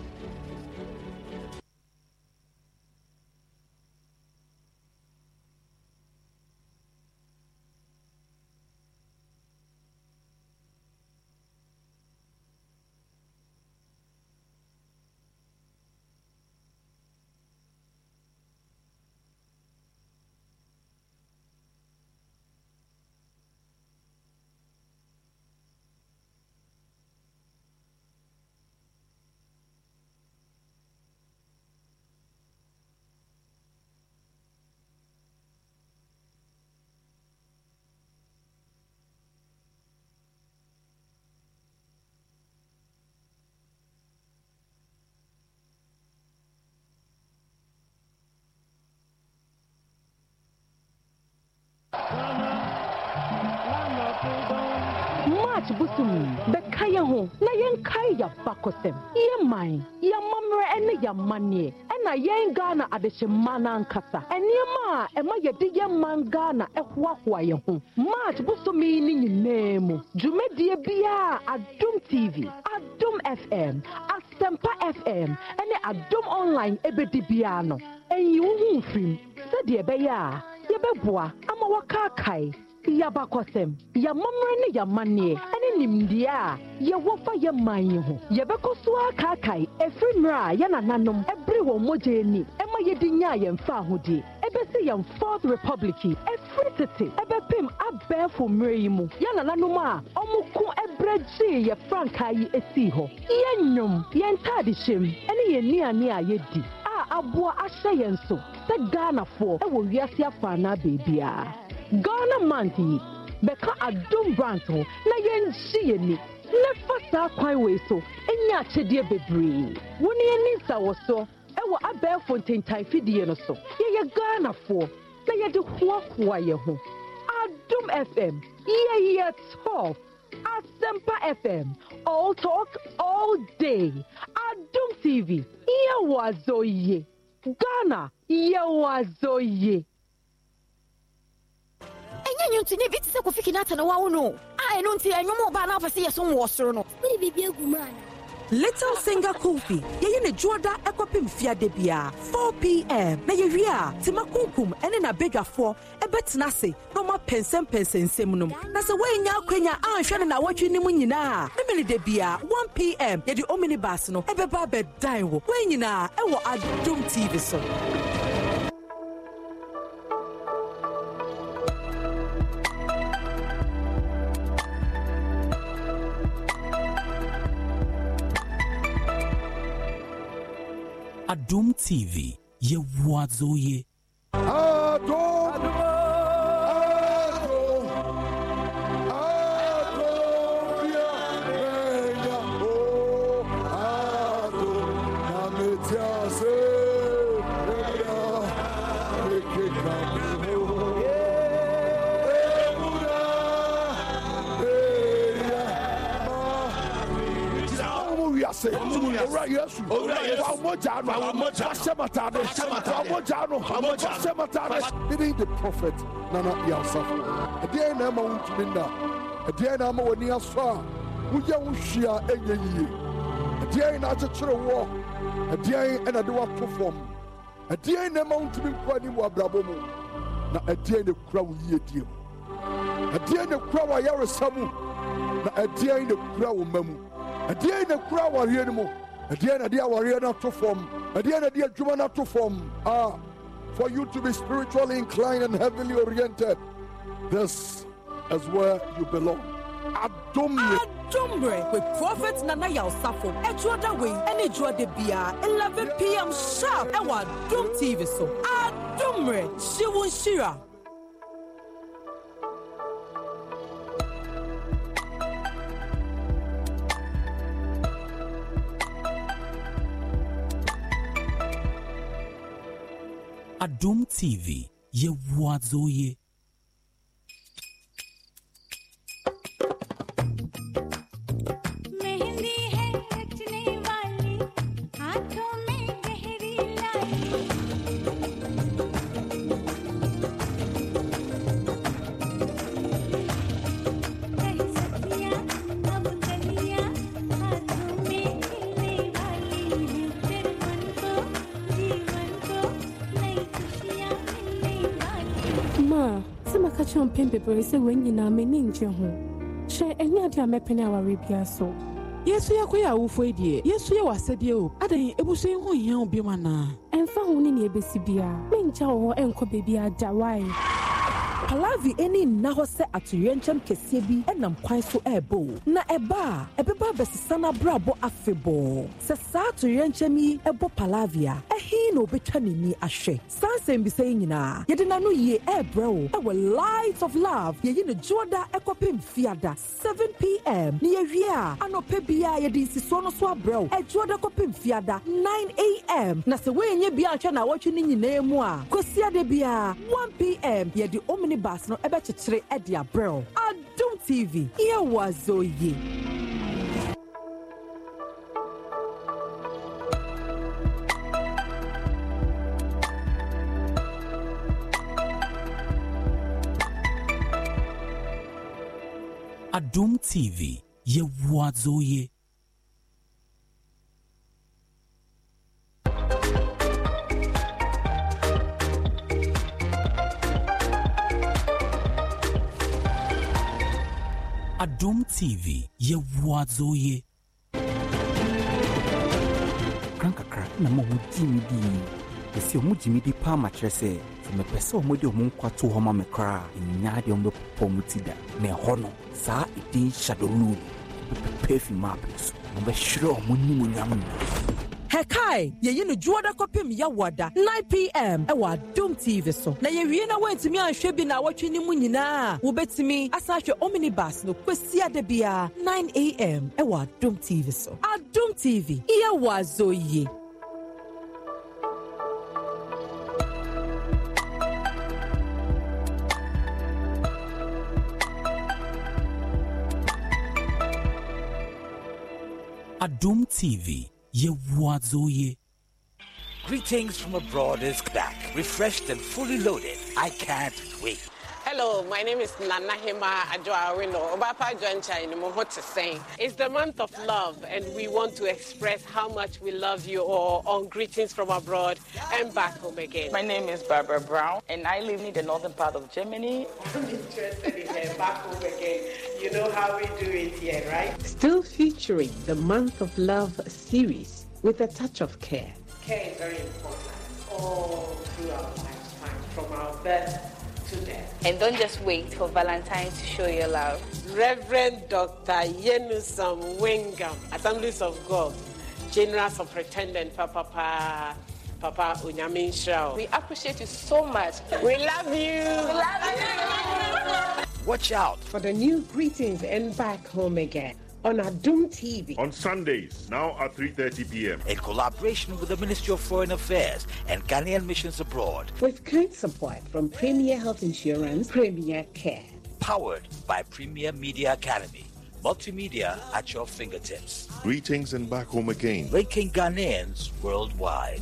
march bosom bɛka yɛn ho na yɛnkae yɛfa kɔsɛm yɛ man yɛmammerɛ ne yɛamanneɛ ɛna yɛn ghana adehyemma no ankasa ɛnneɛma a ɛma yɛde yɛn man ghana ɛhoahoa yɛn ho march bosom yi ne nyinaa mu dwumadie biara adom tv adom fm asɛmpa fm ne adom online ɛbɛdi biara no ɛnyi wo ho mfirim sɛdeɛ ɛbɛyɛ a yɛbɛboa ama wɔkaakae yabakɔsɛm yamammerɛ ne yamanneɛ oh ne nimdeɛ a yɛwɔ fa yɛ man yi ho yɛbɛkɔ so a kaakae ɛfiri mmerɛ a yɛn ɛbere wɔn mogya ani ɛma yɛde nyaa yɛn ahodeɛ ɛbɛsi yɛn fourth republic yi ɛfiri tete ɛbɛpem abɛɛfo mmerɛ yi mu yɛn nananom a wɔn ko ɛbrɛ gyee yɛ frankaa yi esii hɔ yɛn nnwom ɛne yɛn nnuane a yɛdi a aboa ahyɛ yɛn so sɛ ghanafoɔ ɛwɔ wiase afaanaa beebiara ghana month yi bɛka adom brand ho na yɛngye yɛni na fa saa kwan wei so ɛnyɛ akyɛdeɛ bebree wo ne yɛni nsa wɔ so ɛwɔ abɛɛfo ntentan no so yɛyɛ ghanafoɔ na yɛde hoahoa yɛ ho adom fm yɛyɛ top asempa fm all talk all day adom tv yɛwɔ azɔ yie ghana yɛwɔ azɔ yie ɛnyɛ nwo bi te sɛ kofi kinata na wawo no a ɛno nti ɛnwom ɔbaa na wopɛ sɛ yɛsom wɔ soro no wode biribi agu mu ana Little Singer Kofi, yeye ne juoda ekopim fiade bia 4pm na yewie a tima kunkum ene na bedwafoɔ ɛbɛtena se na ɔma pɛnsɛmpɛnsɛnsɛm nom na sɛ woanya akwanya anhwɛ no na awɔtwe no mu nyinaa ne mene da bia 1pm omini omnibus no ɛbɛba abɛdan wo woa nyinaa ɛwɔ adom tv so Adum TV, ye wadzo ye. Adum! Adum! ase owura yesu wa mogya no wahyɛ mata ne wa mogya no wahyɛ mata ne meaning the prophet nana yɛasafo ɛdeɛn na ɛma wontumi nna ɛdeɛn na ama w'ani asɔ a woyɛ wo hwia ɛnyɛ yie ɛdeɛn na akyekyere woɔ ɛdeɛn ɛna de woato fam ɛdeɛn na ɛma wontumi nkɔ anim wɔ abrabɔ mu na ɛdeɛn na kura wo yie die mu ɛdeɛn na kura wo ayaresa mu na ɛdeɛn na kura wo mma mu the crowd, here ɛdeɛn na kura awareɛ no mu ɛdeɛn na de awareɛ no ato fam ɛdeɛn na de adwuma not to form. ah for you to be spiritually inclined and heavenly oriented this is where you belong adomre adomre with prophet nana yalsafo ɛjuada wei ɛne juada bia 11 pm sharp ɛwɔ adom tv so adomre hyewo nhyira Adum TV, Ye wo ye. kyerɛ mpɛn bebree sɛ wɔn nyinaa m'ani ngye ho hyɛ ɛnyɛ eh, ade a mɛpene aware bia so yesu yɛ kɔyɛ awofo yi deɛ yesu yɛ w'asɛdeɛ o adan ebusu yi ho hia wo biom anaa ɛmfa ho ne nea ebesi biara menngya wɔ hɔ ɛnkɔ baabi agya wae palavi ani nna hɔ sɛ atoyerɛnkyɛm kɛseɛ bi nam kwan so ɛrebɔ na ɛba a ɛbɛba abɛsesa no abrabɔ afebɔɔ sɛ saa atoyerɛnkyɛm yi ɛbɔ palavi a ɛhe na obɛtwa ne ni ahwɛ saa nsɛmbisa yi nyinaa yɛde n'ano yie ɛrebrɛ wo ɛwɔ light of love yɛyi ne dwoɔda ɛkɔpem fiada seven pm ne yɛwie a anɔpɛ biara yɛde nsisoɔ no so abrɛ wo ɛdwoɔda e kɔpem fiada nine am na sɛ woɛnyɛ bia nhwɛ na awɔtwe no nyinaa mu a kɔsiada biara 1pm yɛde omni neighbors no ɛbɛkyekyere ɛde abrɛ adom tv yɛwɔ azɔ yie Adum TV, ye Adom TV yɛwoa dzo ye. Kran kakra na ma wɔgye me di. Ɛsi ɔmo gye me di paa ma kyerɛ sɛ sɛ mepɛ sɛ ɔmo de ɔmo nkwa to hɔ ma me koraa ɛnyaa deɛ ɔmo bɛpopɔ ɔmo ti da. Na ɛhɔ no saa ɛdin hyadoluu no bɛpɛpɛ afi maapɛ so. Ɔmo bɛhwerɛ ɔmo nimu nyam hɛkae yɛyi no dwoɔda kɔpem yɛwɔda 9pm ɛwɔ adom tv so na yɛwie na woantumi anhwɛ bi na awɔtwe no mu nyinaa a wobɛtumi asan ahwɛ omnibus no kwasia da biara 9am ɛwɔ adom tv so adom tv yɛwɔ azɔ yie Doom TV Greetings from abroad is back, refreshed and fully loaded. I can't wait. Hello, my name is Nana Hema Ajoawino. Obapa Joancha in saying. It's the month of love, and we want to express how much we love you all on greetings from abroad and back home again. My name is Barbara Brown, and I live in the northern part of Germany. I'm interested in uh, back home again. You know how we do it here, right? Still featuring the Month of Love series with a touch of care. Care is very important all through our lifetime, from our birth to them. And don't just wait for Valentine to show your love. Reverend Dr. Yenusam Wengam, Assemblies of God, General Superintendent, Papa. Papa Onyamin Shao. We appreciate you so much. We love you. We love you. Watch out for the new greetings and back home again on Adum TV on Sundays now at 3:30 p.m. in collaboration with the Ministry of Foreign Affairs and Ghanaian Missions Abroad with great support from Premier Health Insurance Premier Care powered by Premier Media Academy multimedia at your fingertips greetings and back home again linking Ghanaians worldwide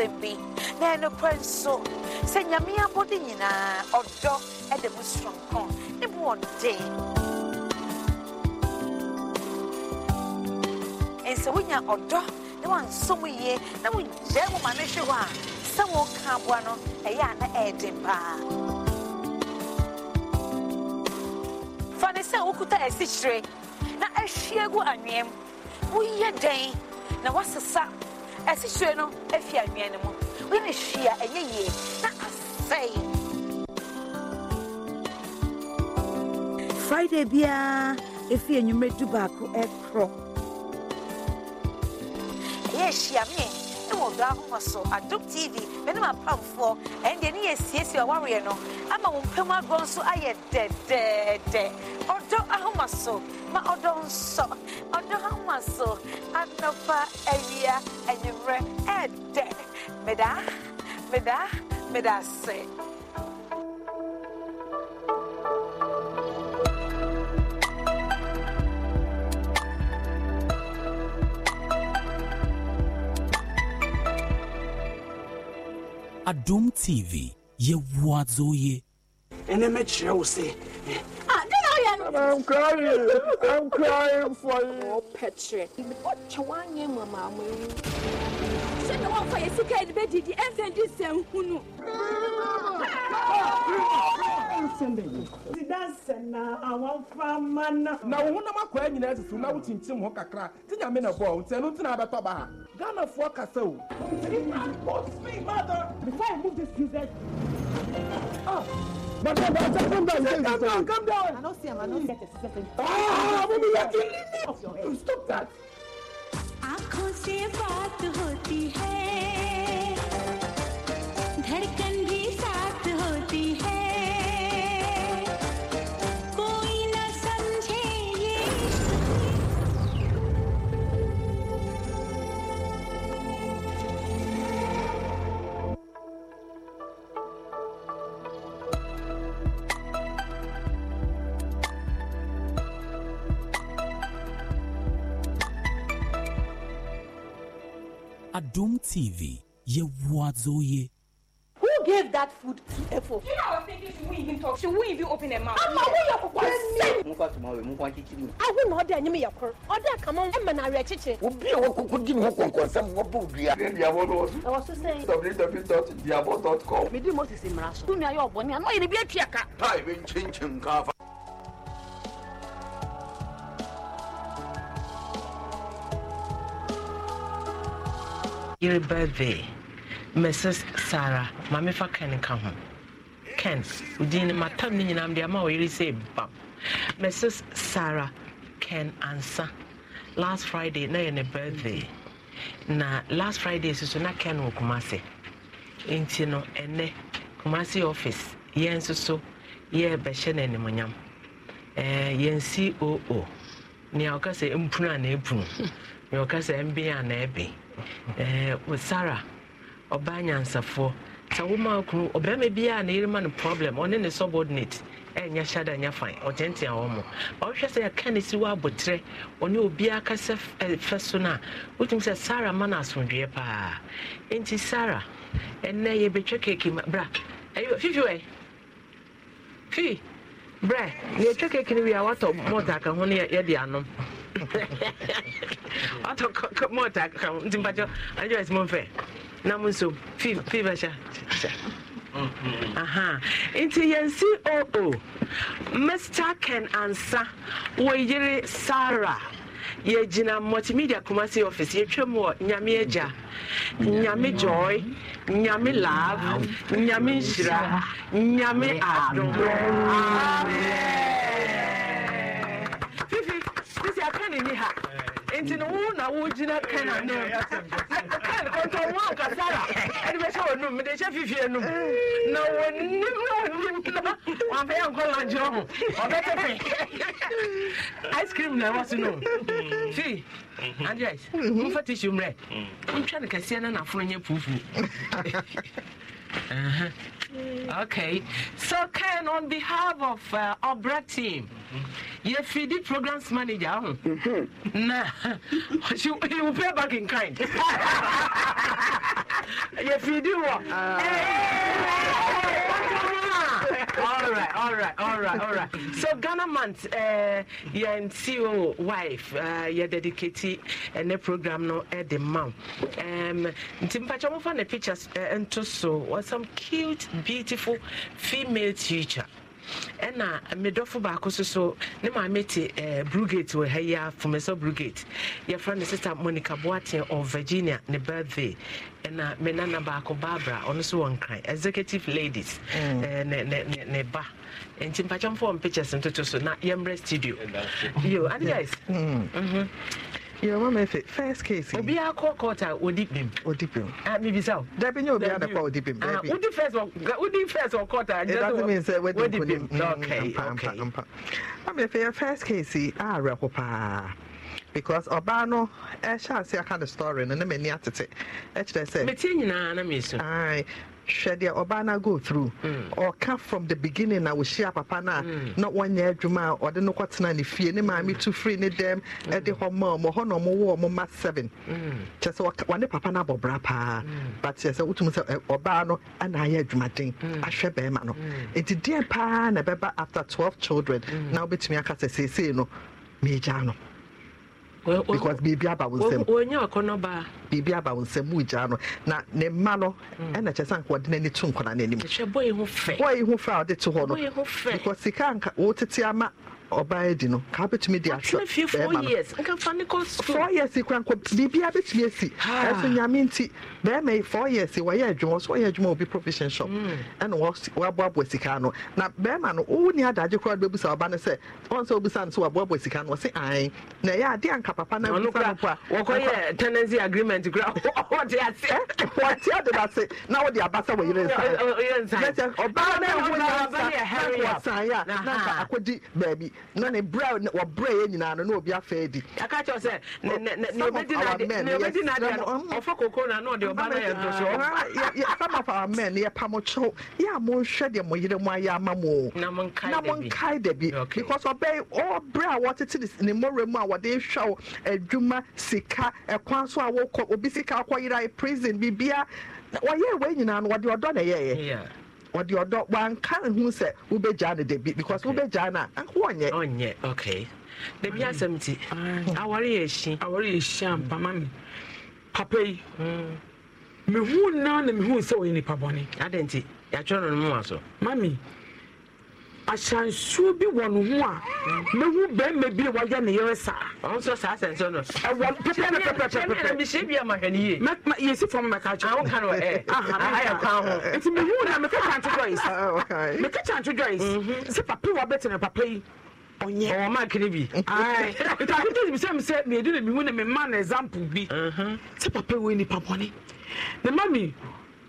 asɛm bi na ɛnokorɛ nso sɛ nyame abɔde nyinaa ɔdɔ ɛde mu soronko ne bo ɔden ɛnsɛ wonya ɔdɔ na wansom yie na wogyae mu ma no hwe hɔ a sɛ wɔka aboa no ɛyɛ a na ɛyɛden paa fa ne sɛ wokuta asikyire na ahwie gu anweɛm woyɛ dɛn na woasesa ɛsi hyire no efi anwea no mu wini hyia ɛnyɛ yie na asɛe. friday biara efi enyimire du baako ɛkorɔ ɛyɛ hyia mie wɔ do ahoma so adom tv mene mapamfoɔ ɛne deɛ ne yɛ siesie a wareɛ no ama wo mpam agorɔ nso ayɛ dɛdɛɛdɛ ɔdɔ ahoma so ma ɔdɔ nsɔ ɔdɔ ahoma so anɔpa awia anwummerɛ ɛɛdɛ medaa meda medase. adom tv yɛwo adzo ye ɛnɛ mɛkyerɛ wo sɛ ah, I'm crying. I'm crying for you. Oh, Petre. What you want, you mama? Send the one for your sick and bed. The end of this, and who knew? na wo honam akɔa nyinaa susu na wokyinkyim ho kakra nti nyame na bɔɔ ntɛ no nti na abɛtɔ ba ha ghanafoɔ kasa o But come down, come down, come down, not see him, I don't see him. Ah, Stop that. Doom TV, ye Who gave that food to Efo? You know, I was thinking she won't even talk. She won't even open her mouth. I'm not going to go. Mo fa tuma we mo kwan I will not there nyimi yakor. Oda kama e ma na re chiche. Obi a wo kuku di mo konkon sam wo bu dua. Then dia wo no. I was so saying www.diabo.com. Me di Moses imraso. Tumi ayo oboni ano ye bi atwa ka. Tai be chinchin ka your birthday mrs sarah maame fa ken ka ho ken din matam ne nyinaa mde ama ɔyere sɛ bam mrs sarah ken ansa last friday na yɛ ne birthday na last friday soso na ken wɔ kumase nti no ɛnɛ kumase office yɛn nso so yɛrebɛhyɛ no animonyam eh, yɛn coo nea ɔka sɛ mpunu a na ɛpunu [LAUGHS] nea ɔka sɛ mbea a na ɛbɛn sara eh, sarah ɔbaa nyansafoɔ sɛ woma kunu ɔbarima biara na yɛrema no problem ɔne ne subordinate ɛnyɛ hyɛda nyɛ fan ɔtentea wɔ mo ɔhwɛ sɛ yɛka ne si wɔ abotrɛ ɔne obiara kasa eh, fɛ so no a wotumi sɛ sarah ma no asomdwoeɛ paa enti sarah ɛnɛ yɛbɛtwa keke ma bra fifi wɛ fii brɛ nea ɛtwa keke no wie a watɔ mɔta ka ho no yɛde anom [LAUGHS] watɔ mɔta ka ho nti mpakyɛ angyɛ ɛsi mo mfɛ nam nso fi bɛhyɛ mm-hmm. aha nti yɛn oo, mr ken ansa wɔ yere sarah yɛgyina multimedia commerce office yɛtwam wɔ nyame agya nyame joy nyame love nyame nhyira nyame adom amen fifi sisi aka ne ni ha nti no wo na wogyina kan anam kan kɔntɔn wo ankasara ɛde bɛhyɛ wɔnum mede hyɛ fifie num na wɔnim na wɔnim na wamfa nkɔ langyerɛ ho ɔbɛtɛpɛ ice cream na ɛwɔ so no fii mhm. andres mfa tissue mmerɛ mhm. ntwa no kɛseɛ na nafono nyɛ puufuu [LAUGHS] Okay. So, Ken, on behalf of uh, Obra team, mm-hmm. your FD programs manager, mm-hmm. nah, [LAUGHS] she, he will pay back in kind. [LAUGHS] your FD, what? Uh, hey! all right, all right, all right, all right. so Ghana month, uh, yeah, and CEO wife, uh, yeah, dedicated and uh, program no at uh, the mom. Um, Timpacho, found the pictures and uh, to so was some cute, beautiful female teacher. ɛna medɔfo baako so so ne maame te eh, brugate wɔ ha yi a fomesɛ brugate yɛfrɛ ne sister monica boaten of virginia ne birthday ɛna me nana baako barbara ɔno so wɔ nkran executive ladies mm. eh, ne, ne, ne, ne ba nti mpakyɛmfoɔ mpictures ntoto so na yɛmmerɛ studio yo ade guys mm. mm -hmm yɛ ɔma mɛ fɛ first case. obi akɔ court a odi bim. odi bim. a ah, mi bi sa o. dabi nye obi adakɔ odi bim ah, dabi. odi first wɔ odi first wɔ court a. it doesn't mean say wedi nkunim. Mm, okay mm, mm, okay. mpa mpa mpa first case a awɛ ko paa because ɔbaa no ɛhyɛ ase aka ne story no ne mɛ ni atete ɛkyerɛ sɛ. mɛ tie nyinaa na mɛ esu hwɛ deɛ ɔbaa no go through mm. ɔka from the beginning na wɔhyia papa no a mm. na wɔnyɛ adwuma a ɔde no kɔtena ne fie ne maame tu firi ne dɛm mm. de hɔ ma ɔmɔ hɔ na ɔmowɔ ɔmo ma seven kyɛ sɛ wɔne papa no abɔbra paa but kyɛ sɛ wotum sɛ ɔbaa no ana ayɛ adwumaden ahwɛ bɛrima no nti deɛ paa na ɛbɛba after twelve children na wobɛtumi aka sɛ seesei no meegya no because biribi aba wo nsɛm wɔnyɛ ɔkɔnɔ baa biribi aba wo nsɛm wogyaa no na ne mma no hmm. ɛna kyɛ sɛ anka wɔde n'ani to nkɔna n'anim bɔyi ho fɛ bɔyi ho fɛ a wɔde to hɔ no because sika anka wɔtete ama ɔbaa di no kaa bɛtumi di asɔ bɛrima no four years kura nkɔ biribiara bɛtumi esi ɛso nyame nti bɛrima yi four years wɔyɛ adwuma ɔso wɔyɛ adwuma obi provision shop ɛna wɔaboaboa sika no na bɛrima no ɔwɔ ni adagye kura bɛbusa ɔba no sɛ ɔn sɛ ɔbusa no sɛ wɔaboaboa sika no ɔsi an na ɛyɛ ade anka papa na ɔbusa no po wɔkɔyɛ tenancy agreement kura ɔde ase wɔte ade na ase na wɔde abasa wɔ yere nsa ɔbaa na ɛwɔ yɛ na wɔsan yɛ a na akɔdi baabi na ne bra wɔbrɛ yɛ nyinaa no na obi afa adi aka kyerɛ sɛ na na ɔde ɔba no some of our men yɛpa mo kyew yɛ a monhwɛ deɛ mo yere mu ayɛ ama mo na nkae da bi because ɔbɛyi ɔbrɛ a wɔtete ne mmɔwerɛ mu a wɔde hwɛ wo adwuma sika ɛkwan so a wokɔ obi sika akɔyera prison biribia wɔyɛ wei nyinaa no wɔde ɔdɔ na ɛyɛyɛ wɔde ɔdɔ wanka ne ho sɛ wobɛgyaa no dabi because wobɛgyaa no a wɔnyɛ ɔnyɛ okay dabi asɛm nti awɔre yɛ hyi awɔre yɛ hyi ampa ma me papa yi mehu mm. na na mehu sɛ ɔyɛ nipa bɔne adɛn nti yɛatwerɛ no no mu wa so mami ahyɛnsuo bi wɔ ne ho a mehu bɛrima bi a wayɛ ne yere saa. ɔn sɔ saa sɛnsɛn nɔ. ɛwɔ pɛpɛ ne pɛpɛ pɛpɛ. kyɛnɛ na misi bi ama hɛn yie. mɛ mɛ yɛsi fɔm mɛ k'a jɔ. awo kan wɔ ɛ ayɛ kwan ho. nti mehu na mɛ kɛ kyanto joyce. mɛ kɛ kyanto joyce. Mhm. sɛ papa wa papa yi. ɔnyɛ. ɔwɔ maa kiri bi. a ti sɛ mi sɛ mi yɛ di ne mi hu ne mi ma na example bi. Mhm. papa wo nipa bɔnni ne ma mi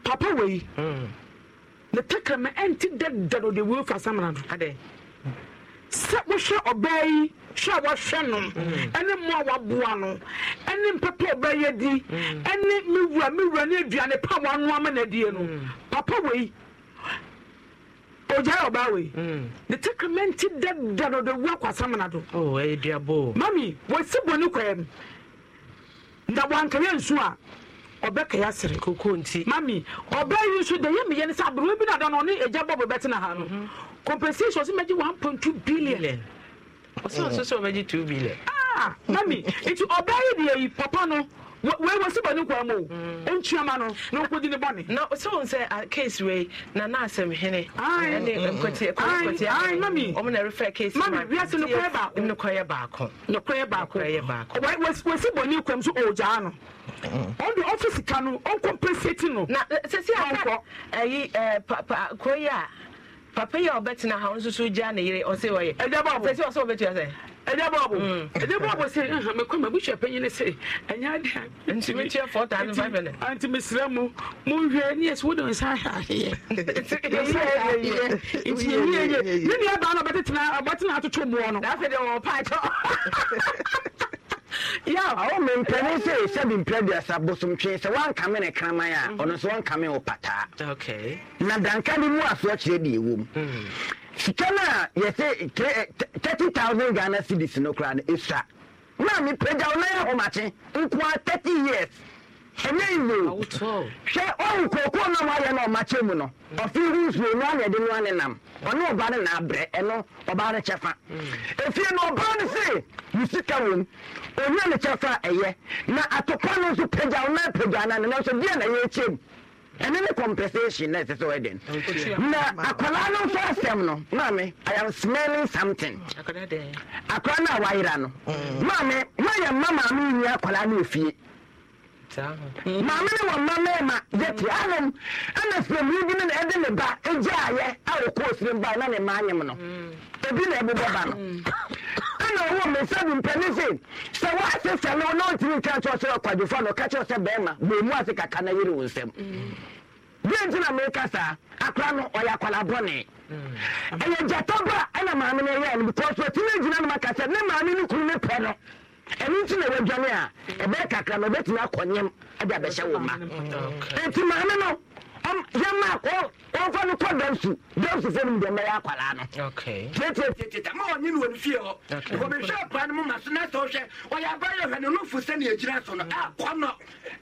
papa wo ne tɛkrɛma ɛnti dɛda no de wei fa samana no sɛ wohwɛ ɔbaa yi hwɛ a wahwɛ mm. no ɛne mmoa waboa no ɛne mpɛpɛ ɔbaa yi adi mm. ɛne me wura me wura ne aduane pa wanoa ma no adie no mm. papa wei ɔgyae ɔbaa wei ne tɛkrɛma ɛnti dɛda no de wei akɔ asamana do oh, mami wɔsi bɔne kɔɛ no na wankɛyɛ nsu a ɔbɛka yɛ asere koko nti mami ɔbɛ yi nso de yɛ miyɛ ne sɛ bi na da na ɔne egya bɔbɔ bɛtena ha no mhm. compensation ɔsi mɛgye one point two billion ɔsi ɔsi sɛ ɔmɛgye two billion Ah, mami [LAUGHS] nti ɔbɛ yi deɛ yi papa no wee wesi bani kwa mu o mm. ntuama no na okodi ne bɔne na sɛ wo sɛ case wei na na asɛm hene ɛne mm-hmm. nkɔtiɛ mami ɔmo na refa case mami wiase no kɔyɛ baako no kɔyɛ baako no kɔyɛ baako wesi bɔne kwa mu so ɔgyaa oh, no mm-hmm. ɔde ɔfo sika no ɔnkɔmpensate no na sɛsi aka ayi kuro yi a papa yi a ɔbɛtena ha na nso so gyaa ne yere ɔse ɔyɛ ɛdɛ bɔ ɔbɛtena sɛ ɔbɛtua sɛ ɛnyɛ bɔɔbo ɛnyɛ bɔɔbo sɛ ɛhɛn mɛ kɔ mɛ busua panyin sɛ ɛnyɛ adi a ntumi kyɛ four thousand five hundred anti mi sira mu mu nhwɛ ni yɛsi wo de nsa ahyehyɛ nsa ahyehyɛ nti yɛ yɛ yɛ ne ni ɛbaa na ɔbɛte tena ɔbɛtena atoto muɔ no. n'afɛ de wɔn pa atɔ. yà àwọn mi mpẹ ní sè sẹ mi mpẹ bi ẹsẹ abosomtwe sẹ wọn kàmi ní kraman hmm. a ọ̀nà sọ wọn kàmi wọ pàtà. na dankan bi mu asọ kyerɛ deɛ ewu mu. Hmm sika no a yɛse eh, thirty thousand ghana Cedis no koraa no ɛsua na mepagya wo na yɛ ahomakye nkoa thirty years ɛnyɛ iwo hwɛ ɔwo kookoo na wayɛ no ɔmakyɛ mu no ɔfe rusuo no ane ɛde no ane nam ɔne ɔba no naabrɛ ɛno ɔba no kyɛfa ɛfie hmm. no ɔba no se ne sika wɔ m ne kyɛfa ɛyɛ na atokwa no nso pagya wo na pagya no ane nanso deɛ na yɛkyɛm ɛne ne compensation na ɛsɛ sɛ ɔyɛ den na akwadaa no nso asɛm no maame i am smelling something akwadaa no a wayera no mm. maame mayɛ mma maame nyi akwadaa no efie maame ne wɔ mma mmarima yɛte mm. anom ɛna srɛmuu bi no na ɛde ne ba gyaayɛ a ɔkɔɔ srem ba na ne mmaa nyem no mm. ebi na ɛbobɔ ba no na ɔwɔ mɛsɛbi mpanin se sɛ wɔase sɛ no ɔno ntumi nka kyerɛ sɛ ɔkwadwofa no ɔka kyerɛ sɛ bɛrima bɛmu ase kaka na yere wo nsɛm bíi ntina mɛka saa akora no ɔyɛ akwala bɔne mm. ɛyɛ gyata ba ɛna maame no yɛɛ no because ɔtumi gyina no makasɛ ne maame no kunu ne pɛ no ɛno nti na wɔadwane a ɛbɛyɛ kakra no ɔbɛtumi akɔ nyɛm ɛde abɛhyɛ wo ma mm. nti maame no yɛma akɔ wɔmfa no kɔ damsu damsu sɛ nom deɛ mɛyɛ akwaraa no tiatiatiatiata ma ɔnye no wɔ no fie hɔ wɔbɛhwɛ akwaraa no mu ma so na sɛ wohwɛ ɔyɛ abayɛ hwɛ ne nofo sɛne agyina so no akɔ ah, no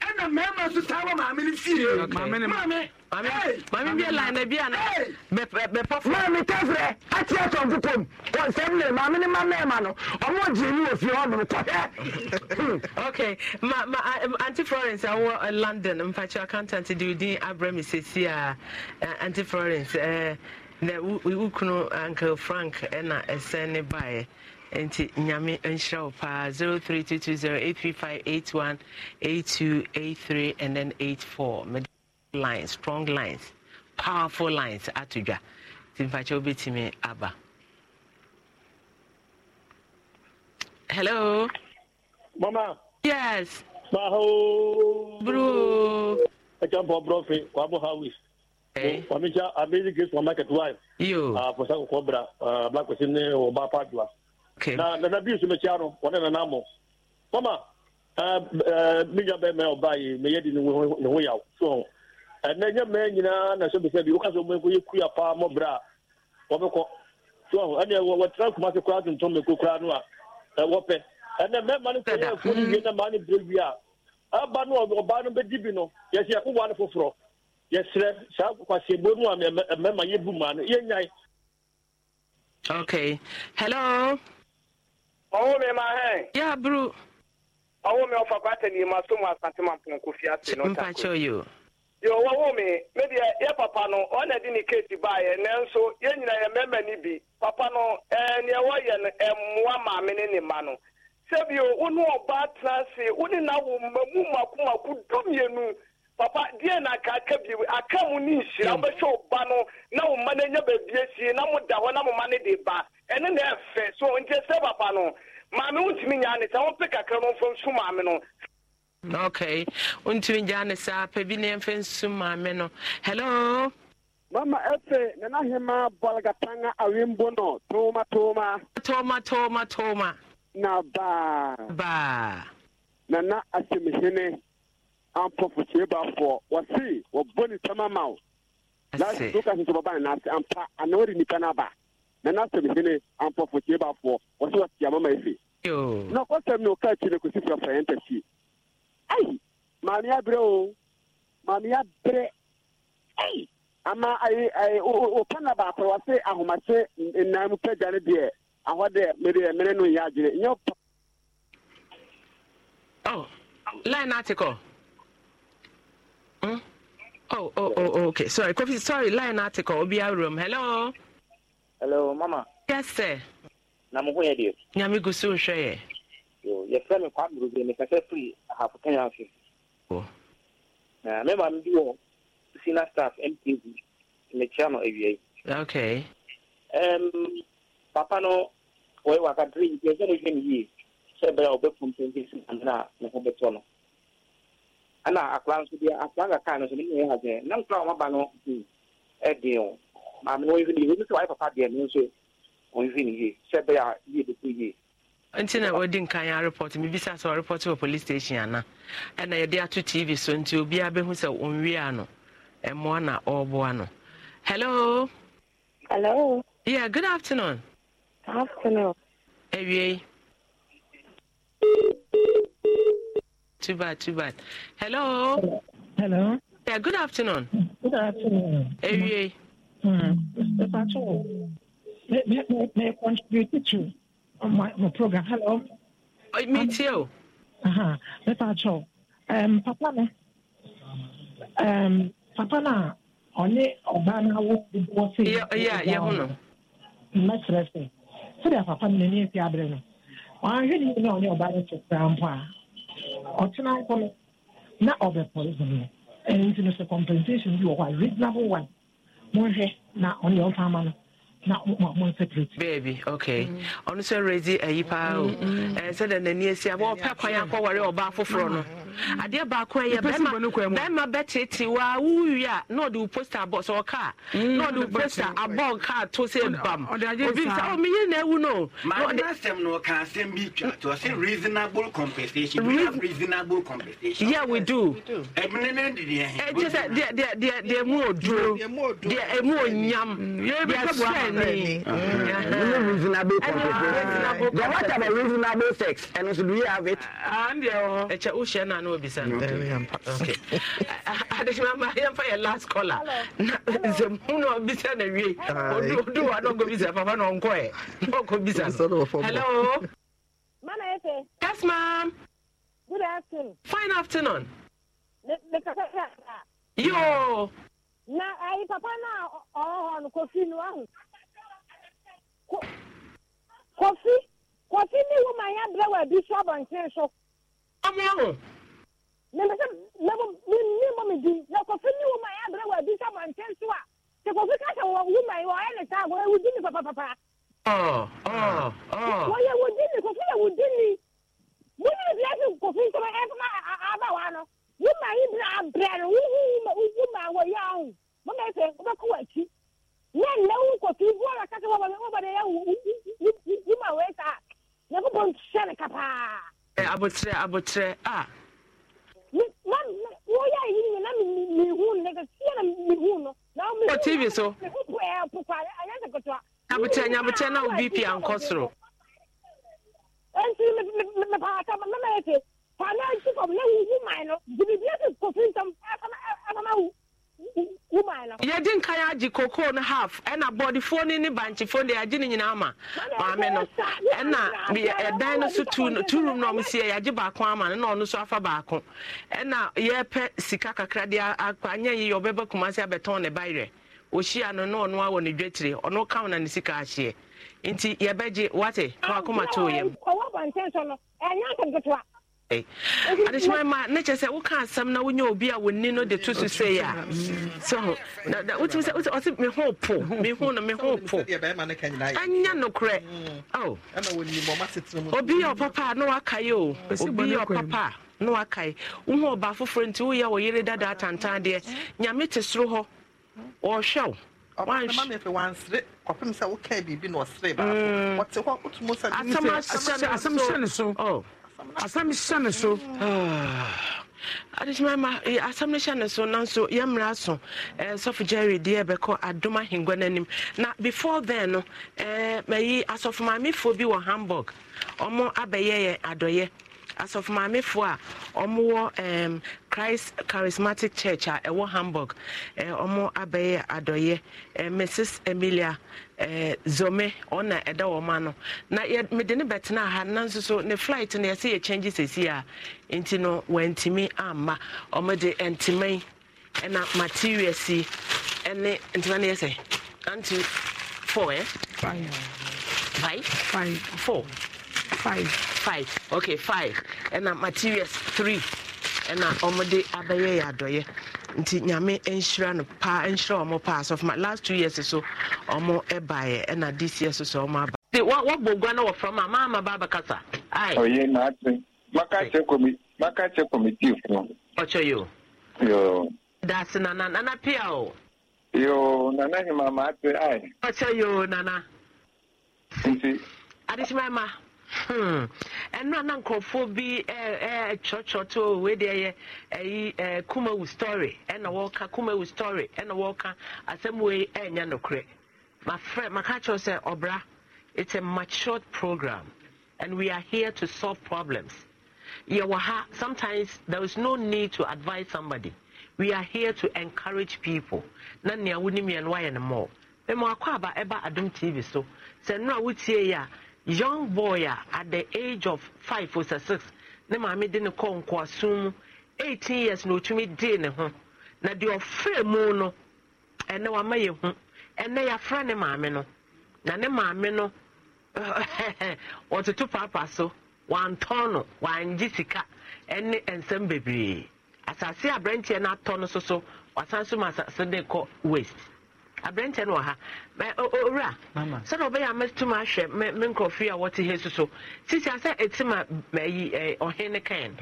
ɛna mmarima so saa wɔ maame no fie maame maame bi ɛlan na bi a bɛpɔ fo maame tɛfrɛ ate atɔ nkokɔm kɔnsɛm ne maame ne ma mɛɛma no ɔmo gye ni wɔ fie hɔ nom kɔhwɛ hmm. okay ma ma aunty florence awɔ uh, london mpakyɛ accountant de odin abrɛ me sesi a uh, anti florence ɛɛ eh, na wukunu uncle frank ɛna eh, ɛsɛn ne baeɛ nti nyame nhyira wo paa three and then 84 mede lines strong lines powerful lines ato dwa nti mpakyɛ wobɛtumi aba hello mama yes maho bro ajampɔ brɔfe kwabo hawis wamesha amazing grace mama katu wai iyo aposa ah, ko kobra ah, ba ko sinne o ba na na na bi su me charo wona na namo mama eh ah, mi ja be me o bai me yedi ni ho so eh, na nya na so be se bi so mo ko ye kuya pa mo bra be ko so ani wo kuma se kwa ntom eh, eh, me ko kra mm. no a wo pe na a aba no yɛsrɛ saa kwasiɛbɔ no a mɛma yɛbu maa no yɛnyae ok hello ɔwo me ma hɛ ya bru ɔwo me ɔfa kwata ni ma so mu asante ma pon kofi ase no ta yo wɔwo me yɛ papa no ɔna ne baeɛ nanso yɛ ni bi papa no wɔyɛ no ɛmmoa maame ne ne ma no sɛbio wo ne ɔbaa tena ase wo ne na wo mmamu papa deɛ na aka aka bi aka mu ne nhyira wobɛhwɛ wo ba no na wo mma no anya baabi asie na moda hɔ na mo ma no de ba ɛne na ɛfɛ so nti sɛ papa no maame wontumi nyaa ne sɛ wompe kakra no mfa nsu maame no okay wontumi gyaa ne saa pɛ bi ne ɛmfa nsu maame no hello mama efe nana hema balgatanga awimbo no toma toma toma toma toma na baa baa nana asemhene ampɔfo kyeebafoɔ wɔse wɔbɔ ne tam ama wo lase woka sɛ sɛ wɔba ne nase ampa ana wode nnipa no aba na nasɛm hene ampɔfo kyeebafoɔ wɔse wɔtiama ma ɛfe na kɔsɛm ne ɔka akyi no kɔsi frafra yɛnta fie ai maame abrɛ o maame abrɛ ai ama ɔpana baakɔ wɔse ahomakye nnaa mu pagya no deɛ ahɔ dɛ medeɛ mene no nyɛ agyene nyɛ line article Oh, oh, oh, oh, okay. Sorry, Kofi, sorry, line article, Obia room. Hello. Hello, Mama. Yes, sir. Na mo ya di. Nyame gu so hwe ye. Yo, ye fra me kwa bru bi me kasa free half Kenya afi. Oh. Na me ma ndi wo senior staff MTV me chano awia. Okay. Um papa no wo wa ka drink ye je no hwe ni ye. Se bra obefum 20 na na ho Ana akora nso deɛ akora ka kaa no nso ne nyɛ hazɛ na nkora a wɔaba no bi ɛden o maame no wɔyɛ ihe yie sɛ wɔayɛ papa di no nso wɔyɛ ne yie sɛ ya a ihe bɛkɔ ihe. nti na wɔdi nkan ya report mebisa sɛ ɔreport wɔ police station ana ɛna eh, yɛde ato tv so nti obiara bɛhu sɛ ɔnwia no ɛmmoa eh, na ɔreboa no hello hello yeah good afternoon afternoon awie eh, Too bad, too bad. Hello. Hello. Yeah, good afternoon. Good afternoon. Ewie. Mm. May I contribute to my, my program? Hello. Oh, me um, too. Uh-huh. Mr. Acho, um, Papa, me. um, Papa na ɔne obana no awo bi wɔ se. Yeah, yɛ yɛ ho no. Mmɛsirɛ sɛ, sɛdeɛ papa no n'ani esi abere no, wɔn ahwɛ ne yi na ɔne ɔbaa no ɔtena na ɔbɛpoison no nti no sɛ compensation bi wɔ na reasonable one na ɔne ɔfa ama okay. baabi ok ɔno ezi redi ayi paa o n'ani kwan nọ. Mm. adeɛ baako ɛyɛ bɛrima bɛtete wa wuwi a na ɔde wo abɔ sɛ ɔkaa mm, na ɔde wo abɔ kaa to sɛ bam obi sa o oh, meyɛ na ewu no. maame asɛm na ɔka asɛm bi twa to ɔsɛ mm. reasonable compensation we have reasonable compensation. yeah we do. ɛmine ne de deɛ. Eh, ɛ kye sɛ deɛ deɛ deɛ deɛ mu oduro deɛ emu onyam deɛ sɛni. reasonable compensation. then what about reasonable sex ɛnu so do we have it. Ah, ɛkyɛ o hyɛ na. na obisa adesima ma yɛmfa yɛ last caller na nsɛm na ɔbisa na wie ɔdu wa na ɔkɔbisa papa na ɔnkɔɛ na ɔkɔbisa no hello yes ma'am good afternoon fine afternoon yo na ayi papa na ɔhɔ no kofi no ahu kofi kofi ni wo ma ya brɛ wɔ abi so abɔnten so ɔmo ahu mmemme mmemme mmemme mmiri n'akɔfɛ ni wɔn a ni papapapa. wɔyɛ ah, ah, ah. wudi ni kɔfɛ yɛ wudi ni wudi ni bilasi ya nsɛmɛ ɛfuma e aba wa no wuma yi bila abrɛ no wuhu wuma wuma wɔ yɛ ahu e mɔmɔ yɛ fɛ ɔbɛ kɔ wɔ akyi ne nnɛwu kɔfɛ na wɔyɛ ayi nyɛ na mehu tv so nyaboteɛ nyaboteɛ na bp ankɔ yɛdi nka yɛ agye kokoo no half ɛna bɔdefoɔ no ne bankyefoɔ deɛ yɛagye no nyinaa ma maame no ɛna ɛdan no so two room no ɔmsiɛ yɛagye baako ama no na ɔno so afa baako ɛna yɛpɛ sika kakra deɛ anyɛ yi ɔbɛba kuma se abɛtɔn ne bayerɛ ɔhyia no na ɔno awɔ ne dwatire ɔno kaw na ne sika ahyeɛ nti yɛbɛgye wate kawakoma too yɛm adesima ma ne kyerɛ sɛ woka asɛm na wonyɛ obi a wonni no de to so sei a sɛ wotumi sɛ ɔse ho po me ho no me ho po ɛnyɛ nokorɛ obi yɛ ɔpapa a na wakae o obi yɛ ɔpapa a na wakae wohu ɔba foforɔ nti woyɛ wɔ yere dadaa tantan deɛ nyame te soro hɔ ɔrehwɛ wo asɛm ahyɛ ne so asɛm hyɛ ne so [SIGHS] adekyema ma eh, asɛm no hyɛ ne so nanso yɛmmra so eh, sɔfo jerry deɛ ɛbɛkɔ adom ahengua no anim na before then no eh, mayi asɔfo maamefoɔ bi wɔ hamburg ɔmo abɛyɛ yɛ adɔyɛ asɔfo maamefoɔ a ɔmowɔ christ charismatic church a ɛwɔ hamburg ɔmo abɛyɛ adɔyɛ mrs emilia Eh, zome ɔna ɛda wɔ ma no na mede ne bɛtena ha na nso so ne flight no yɛsɛ yɛ change sɛsi a nti no wantimi amma ɔmode ntiman ɛna material si ɛne ntima no yɛ sɛ anti four ɛ eh? five five four five five okay five ɛna materials three ɛna ɔmode abɛyɛ yɛ adɔyɛ nti nyame nhyira no paa nhyira ɔmo paa so last two years so ɔmo baeɛ ɛna this year so so ɔmo aba wabɔ gua na ma maa ba Abakasa. ɔyɛ naate maka maka kyɛ komiti yo Yoo. nana nana pia o Yoo! nana hima maate ai nana nti adesima Hmm. ɛno na nkurɔfoɔ bi kyerɛkyerɛ to wei deɛ yɛ ɛyi kumawu story walker, wɔka kumawu story ɛna wɔka asɛm wei ɛnyɛ My friend, maka kyerɛ sɛ ɔbra it's a matured program and we are here to solve problems ha sometimes there is no need to advise somebody we are here to encourage people na nea wonim yɛ no woayɛ no mmɔɔ mmɛ akɔ aba adom tv so no, I wotie yi a young boy a at the age of five or six ne maame de ne kɔ nkoasom eighteen years na otumi dee ne ho na deɛ ɔfrɛ mu no ɛnɛ wama yɛ ho ɛnɛ yɛafra ne maame no na ne maame no [LAUGHS] ɔtoto paapa so wantɔn no wangye sika ɛne nsɛm bebree asase aberanteɛ no atɔ no so so wasan so ma asase de kɔ waste aberɛntɛ no wɔ ha owura sɛdeɛ ɔbɛyɛ a mɛtum ahwɛ me nkurɔfoɔ a wɔte ha su sisi sisia etima ɛtim a mayi ɔhe ne kae no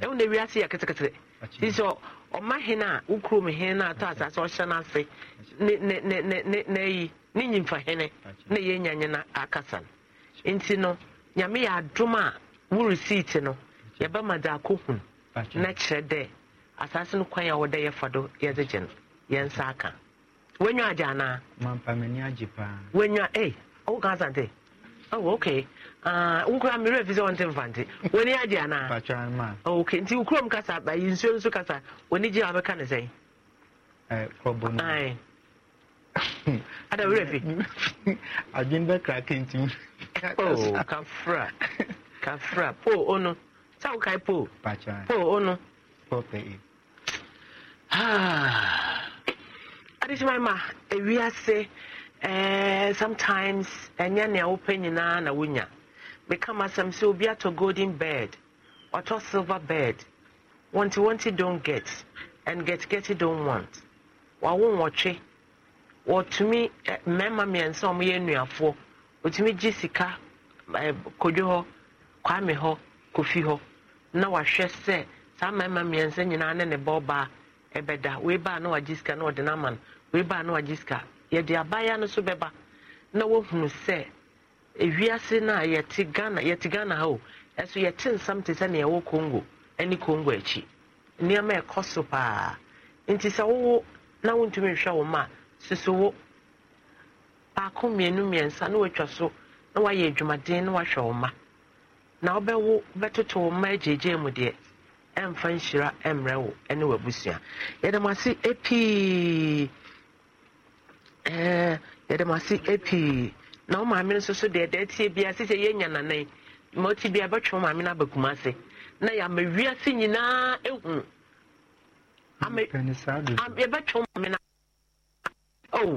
ɛwo na wiase yɛ ketekete nti sɛ ɔma hen a wo kurom hen na atɔ asase ɔhyɛ no ase na ayi ne nyimfa hene na yɛ nyanyena akasa no nti no nyame yɛ adom a wo receipt no ma de akɔhunu na kyerɛ dɛ asase no kwan a wɔdɛ yɛfa do yɛdze gye no nsa aka w'enyo agye anaa. Ah. mampa m'ani agye paa. w'enyo a ee ɔwɔ kan oh, asante ɔwɔ oh, ok nkura mmiri efi sɛ ɔnte nfa nte w'ani agye anaa. patwa ma. ok nti nkurom mkasa ba nsuo nso kasa w'ani gye a bɛka ne sɛn. ɛɛ kɔbɔ mu. ayi ada wura fi. adwene bɛ kra kente. Oh, kafra kafra Po ono sáwọ kae po. patwa Po ono. Po pɛ e. Ah adesimama ewi ase, eh, sometimes ɛnyɛ nea wopɛ nyinaa na wunya, meka ma asɛm sɛ obi atɔ golden bird ɔtɔ silver bird wɔnti wɔnti don't get and get get don't want wawo nwɔtwe wɔtumi eh, mmarima mmiɛnsa a wɔyɛ nnuafoɔ wɔtumi gye sika ɛɛ eh, kodwo hɔ kwame hɔ kofi hɔ na wahwɛ sɛ saa mmarima mmiɛnsa nyinaa ne ne bɔɔbaa ɛbɛda wei baa na wagye sika na ɔde n'ama no weba na wagye sika yɛde abaayewa no nso bɛba na wohunu sɛ ewiase no a yɛte ghana yɛte ghana ha o ɛso yɛte nsɛm te sɛ nea ɛwɔ congo ne congo akyi nneɛma ɛkɔ so paa nti sɛ wowo na wontumi nhwɛ wo ma soso wo baako mmienu mmiɛnsa na watwa so na wayɛ adwumaden na wahwɛ wo ma na wobɛwo bɛtoto wo ma agyegye mu deɛ ɛmfa nhyira mmerɛ wo ne w'abusua yɛdam ase pii e. Eh, yɛde mo ase na wo maame nso so deɛ ɛda tie bia sɛ sɛ yɛanya nanan ma ɔte bia bɛtwe wo maame no ase na yɛama wiase nyinaa ɛhu yɛbɛtwe wo maame no oh.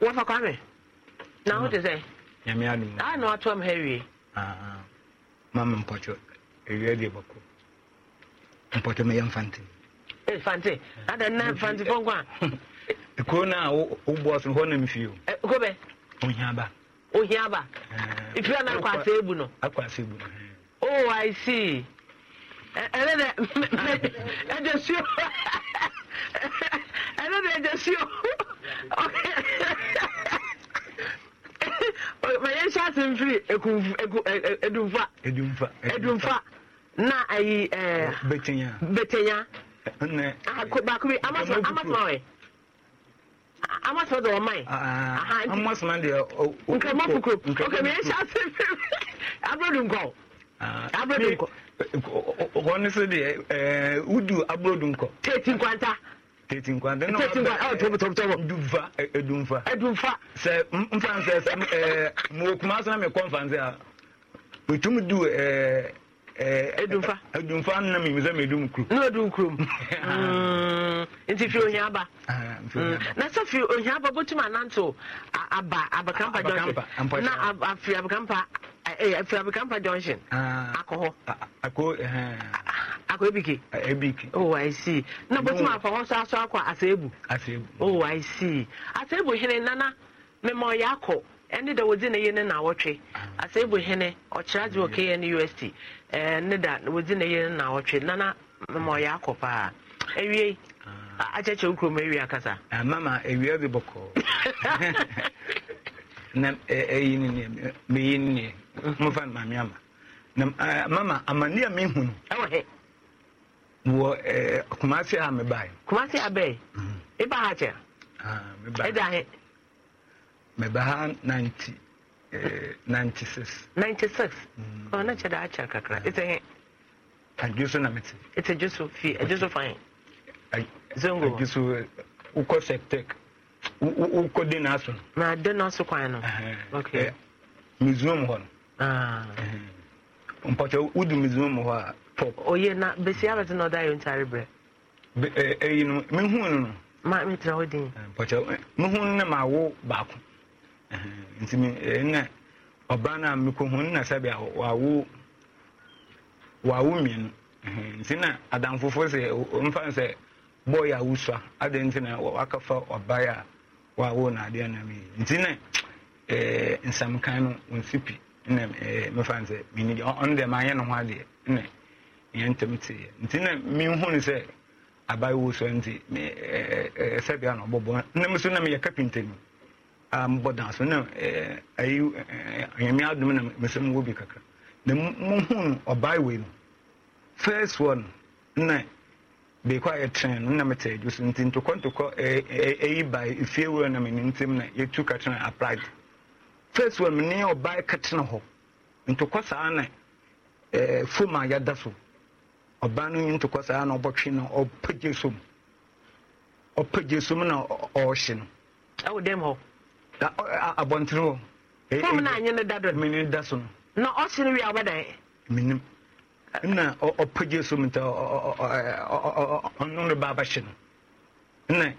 wɔfa kwame na mm. a ha fante ada na fante fɔ nkwa. kuro na wobɔ so hɔ nam fie o. ko bɛ. ohiaba. Aba. ifira na akɔ ase ebu no. akɔ ase ebu no. oh i see ɛnɛ dɛ ɛdɛ suo ɛnɛ dɛ ɛdɛ suo ma yɛn hyɛ ase mfiri edumfa edumfa edumfa na ayi ɛɛ betenya betenya. amasɔrɔ de ɔman. amasɔrɔ de ɔkɔ nkɛmɛ fuko nkɛmɛ yɛ sase abrodu nkɔ abrodu nkɔ. wɔn nso de ɛɛ udu abrodu nkɔ. teti nkwanta. teti nkwanta ɛna teti nkwanta ɔ tɔbɔ tɔbɔ tɔbɔ. ndufa edunfa. edunfa. sɛ nfansɛ sɛ ɛɛ mɔkumasa mi kɔ nfansɛ a mutum du Eh, edumfa edumfa nna mi sɛ medum kurom na odum kurom nti fi ohia ah, mm, aba na sɛ fi ohia aba bɔtum ananto aba abakampa junction na afiri abakampa afiri abakampa junction eh, eh, ah. akɔ hɔ akɔ ebike ebike oh i see na bɔtum akɔ hɔ akwa, asaebu, akɔ aseebu aseebu oh i see aseebu hene nana mɛma ɔyɛ akɔ. ɛne da wɔdzi ne yi ne naawɔtwe asɛebu ah. hene ɔkyerɛ adze ɔkɛyɛ ne ust ne da wɔdzi ne yi ne naawɔtwe nana mama ɔyɛ akɔ paa awie ah. akyɛkyɛ wo kurom awie akasa ah, mama awia bi bɔkɔɔ [LAUGHS] na eyi ne neɛ meyi ne neɛ mhm. mofa no mame ama na mama amanne a mehu no ɛwɔ hɛ wɔ kumase a mebae kumase abɛe mhm. ɛba ha kyɛ ɛda hɛ mɛba ha ninety eh, ninety six. ninety six ɔ mm. oh, na kyɛ da akyɛ kakra ɛsɛ hɛ. adwo so na mete. ɛsɛ adwo so fi adwo so fan. zongo adwo so wokɔ septek wokɔ de n'aso no. na kwan no. ok eh, hɔ no. Ah. mpɔtɔ wodu museum hɔ a pop. oye na besia bɛ ti na ɔda yɛ ntare brɛ. ɛyi eh, no mehu no no. ma n tẹ ọ den. mehu no na ma wo baako. nti na ọba no a na sɛbea wawo mmienu [LAUGHS] nti na adamfofo sɛ mfa sɛ bɔɔyɛ a wosua ade nti na waka fa a wawo na adeɛ na mi nti na [TSK] nsɛmkan no wɔnsi pi na mefa sɛ meni ɔno deɛ maanyɛ ne ho adeɛ na yɛn ntɛm no sɛ nti sɛbea na ɔbɔbɔ na so na meyɛ mbɔ danso na ayi anyame adum na mesɛm wɔ bi kakra na mohuu ɔbaa wei no first one na beekɔ a yɛtrɛn no na metɛ adwo so nti ntokɔ ntokɔ ɛyi ba efie wura na mene ntɛm na yɛtu applied first one mene ɔbaa katena hɔ ntokɔ saa na eh, fom a yɛda so ɔbaa no ntokɔ saa na ɔbɔtwe na ɔpagye na ɔɔhye no ɛwɔ dɛm hɔ abɔntene hɔ fom no mene da so na ɔhye no wie a menim na ọ so mta ɔno baa ba bɛhye no na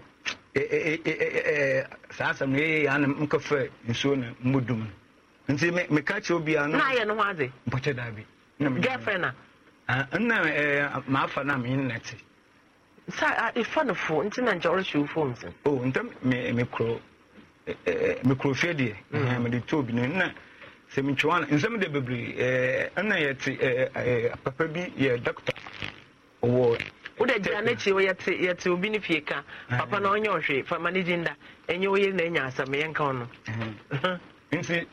e, e, e, saa asɛm no ɛyɛyɛ ne nka nsuo no mmɔdum no nti meka kyerɛ obiaa noayɛ no ho adze mpɔkyɛ daa bi girlfriend a nna maafa no a menye ne sa ɛfa nti na nkyɛ wo fom sɛ ntam mikrofie deɛ mhm. eh, mede to bi no na sɛ metwewa no nsɛm deɛ bebree eh, ɛna yɛte eh, papa bi yɛ doctor wɔ wode gyina n'akyi wo yɛte obi no fie ka papa na ɔnyɛ ɔhwe fama ne gyi nda ɛnyɛ wo na anya asɛm yɛnka wo no nti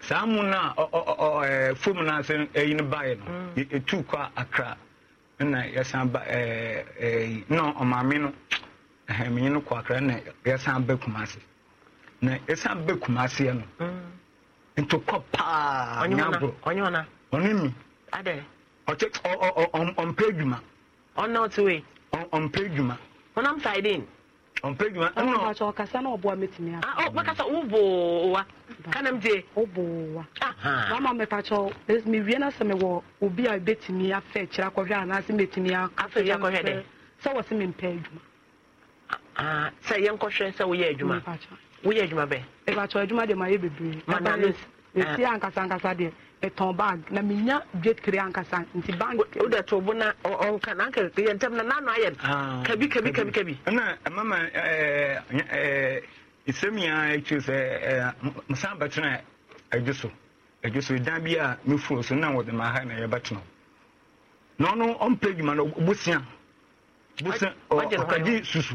saa mu no a fom no asɛ mm. ayi no baeɛ no ɛtu kɔ akra na yɛsan ba na ɔmaame no menyɛ no kɔ akra na yɛsan ba kumase na ɛsan bɛ kumaseɛ no mm. ntokɔ paa nyaboro ɔne mi ɔmpɛ adwuma ɔmpɛ adwuma honam side in ɔmpɛ adwuma ɔno ɔkasa na ɔboa mɛtumi a ah, ɔkasa woboowa kanam gye woboowa mama mɛpakyɛ mewie no sɛ mewɔ obi a bɛtumi afɛ kyerɛ akɔhwɛ anaasɛ mɛtumi sɛ wɔ se mempɛ adwuma ah, ah, sɛ yɛnkɔhwɛ sɛ woyɛ adwuma woyɛ adwuma bɛn. ebatɔ adwuma de ma ye bebree. madame esi ankasa ankasa deɛ ɛtɔn bag na ah. mi nya gate kiri ankasa nti bank. o de to bona ɔnka nanka yɛ ntɛm na nanu ayɛ no. kabi kabi kabi kabi. ɛna mama ɛɛ ɛɛ nsɛm yɛn akyi sɛ ɛɛ musan bɛtena adwo so adwo so dan bi a mi furo so na wɔde ma ha na yɛ bɛtena na ɔno ɔmpɛ adwuma no bosia bosia ɔkadi susu.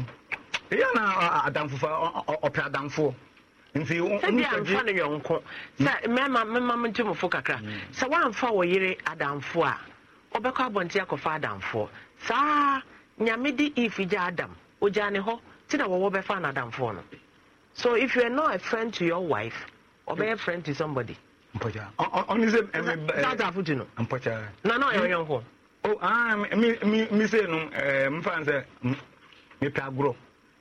yɛ na adamfo ɔpɛ adamfo sɛbi amfa no yɔnko sɛ mm. mɛma mɛma mo nte mo fo kakra mm. sɛ woamfa wɔ yere adamfo a ɔbɛkɔ abɔnte akɔfa adamfoɔ saa nyame de if gya adam ogya ne họ. ti na wọwọ bɛfa no adamfoɔ no so if you are not a friend to your wife ɔbɛyɛ mm. friend to somebody Mpọcha. ɔne sɛ sasafo tu no Mpọcha. na na ɔyɛ ɔyɔnko oh, ah, mi se no eh, mfa sɛ mepɛ agorɔ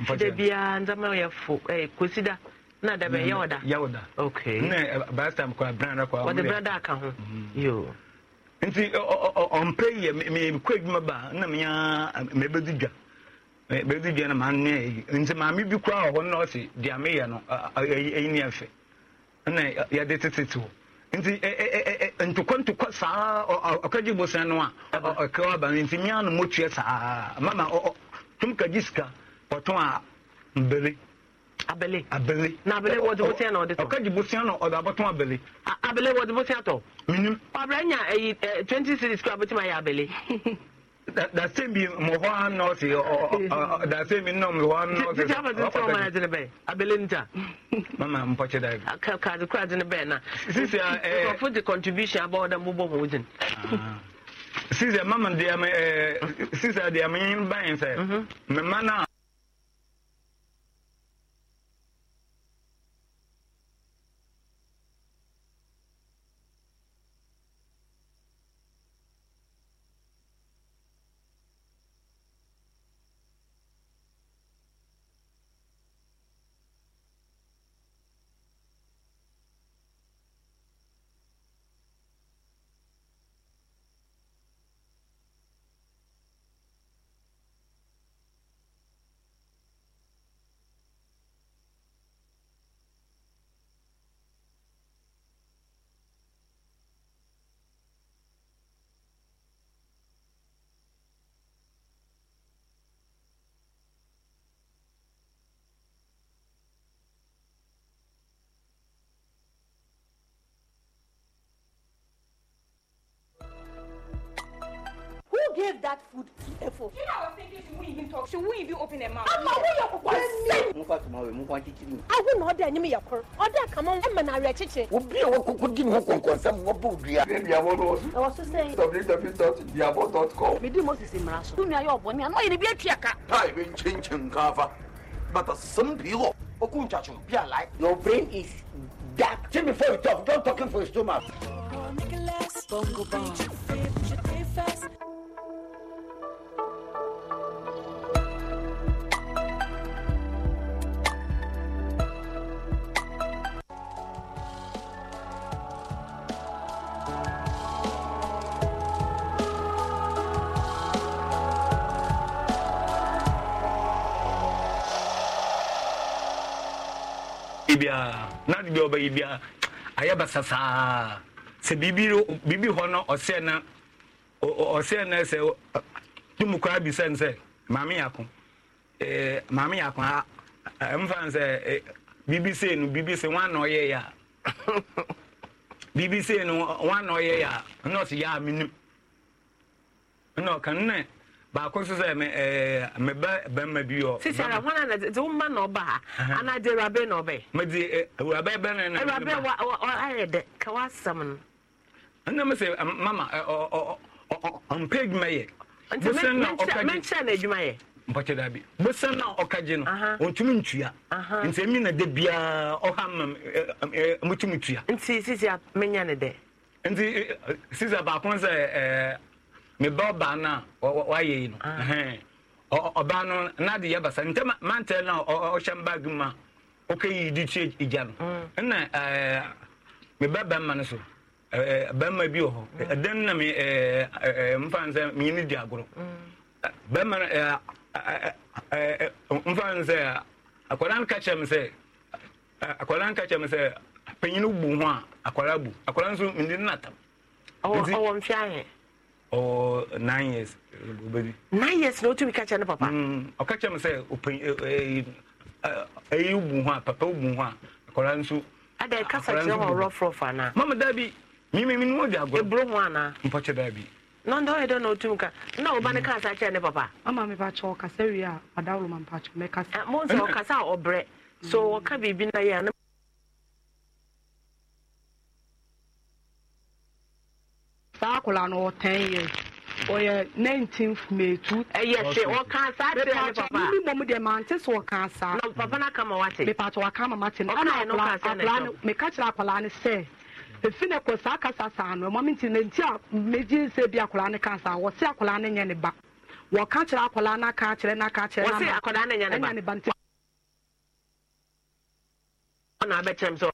ɛfida biara ndzɛma yɛ fo ɛɛ eh, kosida na dɛbɛ yawda okay na baasi tam kɔ branda kɔ wɔde branda aka ho mm-hmm. Yo! nti ɔmpɛ yɛ mekɔ adwuma ba na menya eh, mɛbɛdi dwa mɛbɛdi dwa na maa nne nti maame bi kura wɔ hɔ na ɔsi deɛ meyɛ no ɛyi ne ɛfɛ ɛna yɛde tete hɔ nti saa bosan no a nti no saa mama tum sika ɔtɔn a mbele. abele. abele. na abele wɔ dibosiɛn na ɔde tɔ. ɔka dibosiɛn na ɔde abɔtɔn abele. abele wɔ dibosiɛn tɔ. minim. ɔbɛrɛ nya eyi twenty series kura bɛ ti ma yɛ abele. dasɛm bi mɔhɔ anɔɔse dasɛm bi nnɔ mɔhɔ anɔɔse titi afa titi ɔmo ayɛ dini bɛyɛ abele nta. mama mpɔkyɛ da bi. kaadi kura dini bɛyɛ na. sisi a ɛɛ nkɔfo di contribution abɔ ɔdɛ mo bɔ mo din. Ah. sisi a mama di a mi ɛɛ sisi a di a mi ban sɛ mɛ mhm. ma gave that food to Efo. You know, I was thinking, should we even talk? Should we even open their mouth? I'm not going to say. Move out tomorrow, move on to you. I will not order any of your order. Come on, I'm not going an arrechiche. Would be a walk, could give me a concern. What would be a diabolo? I was just saying, www.diabolo.com. Maybe Moses in Rash. You know, you're born. I'm not you'll be a chiaka. I've been changing cover. But some people. Your brain is dark. Jimmy, before you talk, don't talk for your stomach. Bongo, bongo. yɛ na n'ade bi a ɔbɛyɛ biara ayɛ basasaa sɛ biribi biribi hɔ no na na sɛ sɛ maame yako, ɛɛ eh, maame yako, ako ha ɛmfa sɛ Bibi eh, biribi sei no biribi sei wɔn ana yɛ a [LAUGHS] biribi sei no wɔn baako nso sɛ meba eh, bɛrima bi wɔ. sisara wọn ana de wọn na ɔba ha ana de ewurabe na ɔbɛ. mɛ di ewurabe eh, bɛ na. ewurabe wa ɔayɛ dɛ ka wa sɛm no. ɛnna mi sɛ mama ɔ ɔ ɔ ɔmpa edwuma yɛ. bosan na ɔka gye mɛnkyɛn na edwuma yɛ. mpɔkyɛ dabi bosan na ɔka gye no ɔntumi ntua nti emi na de biara ɔha ma mutumi ntua. nti sisi a menya ne dɛ. nti eh, sisi baako sɛ ɛɛ me ba ɔbaa no a wayɛ yi no ah. ɔbaa no n'ade yɛ basa ntɛ mantel na ɔhyɛ bag ma ɔkɛyi di tue igya no mm. ɛna ɛɛ me ba bɛrima no so ɛɛ bɛrima bi wɔ hɔ ɛdɛm mm. na me ɛɛ ɛɛ mfa nsɛ mmienu di agorɔ mm. bɛrima no ɛɛ akwadaa no ka kyerɛ me sɛ akwadaa no ka kyerɛ me sɛ panyin bu ho a akwadaa bu akwadaa nso ndi nnatam. ɔwɔ ɔwɔ mfianye. or nine years baby. nine years na otumi ka kyerɛ ne papa mm, ɔka kyerɛ me sɛ ɛyi e, e, e, wobu ho a papa bu a akɔra nso ada ɛkasa kyerɛ hɔ rɔfrɔf na mama daa bi mimimi no wadi agorɔ ɛburo ho anaa mpɔkyɛ daa bi na ɔndɛ ɔyɛ dɛ na ɔtum ka na ne mm. ne papa ama mepakyɛ ɔkasa wie a wadaworo ma mo sɛ ɔkasa ɔbrɛ so mm. ɔka na yɛ saa akwadaa no ɔtɛn yɛ ɔyɛ 19th may 2 ɛyɛ se ɔka saa kyerɛ ne papa mi mmom deɛ mante so ɔka saa na papa no aka ma wate mepatɔ waka ma mate no ɔna akwadaa no meka kyerɛ akwadaa no sɛ efi ne kɔ saa kasa saa no ɛmɔ mi nti ne nti a megye nsɛ bi akwadaa no ka saa wɔsi akwadaa no nyɛ ne ba wɔka kyerɛ akwadaa no aka kyerɛ no aka kyerɛ no ama wɔsi akwadaa no nyɛ ne ba nti. ɔna abɛkyerɛ m sɛ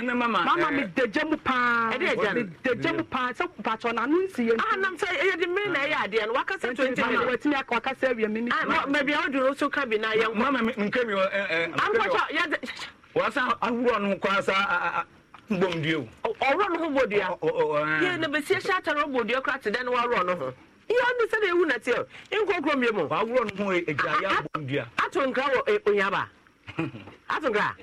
mama eh, medagya mu paa medagya mu paa sɛ mpatwɔ na yɛ sɛ eh, na ɛyɛ adeɛ no wakasa minutes wakasa awia ah, so ka bi na yɛ mama nka bi wasa eh, a o ho yɛ na bɛsie atare ɔbɔdua kora te dɛ ne wɔworɔ no ihe ndị sị na-ewu na tie nkokoro mmiri mụ. Wagwụrụ nnukwu eji a. onyaba. [LAUGHS]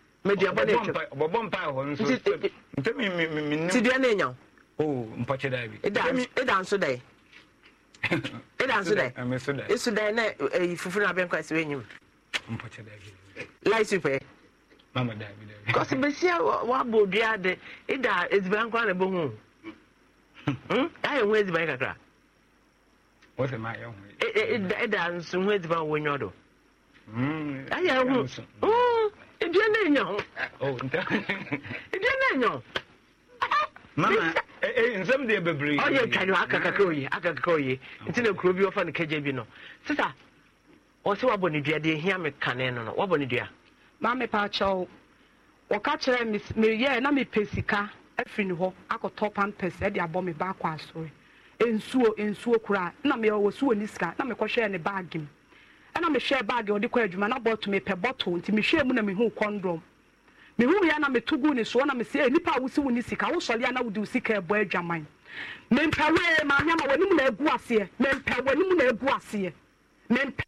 media bɔ ne twɛ bɔbɔ mpa hɔ nso nti e, e, mi mi mi nim tidua ne na eyi e [LAUGHS] na abɛn kwasi wɔ enyim mpɔkye da mama da bi da bi kɔsi besia wabɔ dua de eda edziban kora na ebohu hmm? ayɛ hu edziban kakra wɔsi ma ebien na enya ho ebien na enya ho. mama nsɛm deɛ bebree. ɔyɛ twani aka kakra oye aka kakra oye nti na kuro bi wɔfa no kagya bi no sisa ɔsɛ wabɔ ne dua deɛ hia mi kane eh, eh, oh, oh. no no wabɔ eh, e e ne dua. maame paakyɛw wɔka kyerɛ mi meyɛ na mepɛ sika afiri ne hɔ akɔtɔ pampers ɛde abọ me ba akɔ asɔre nsuo nsuo kura na meyɛ wɔ suo ne sika na mekɔhwɛ ne baagi mu. ɛna mehwɛ baage ɔde kɔ adwuma na bɔtɔ mepɛ bɔtɔ nti mehwɛ mu na mehu kɔndɔm mehu yɛ na metu gu ne soɔ na mesi eh, nipa a wosi wo ne sika wosɔre a na wode wo sika ɛbɔ adwaman mempɛ wee maame ama w'anim na agu aseɛ mempɛ w'anim na agu aseɛ mempɛ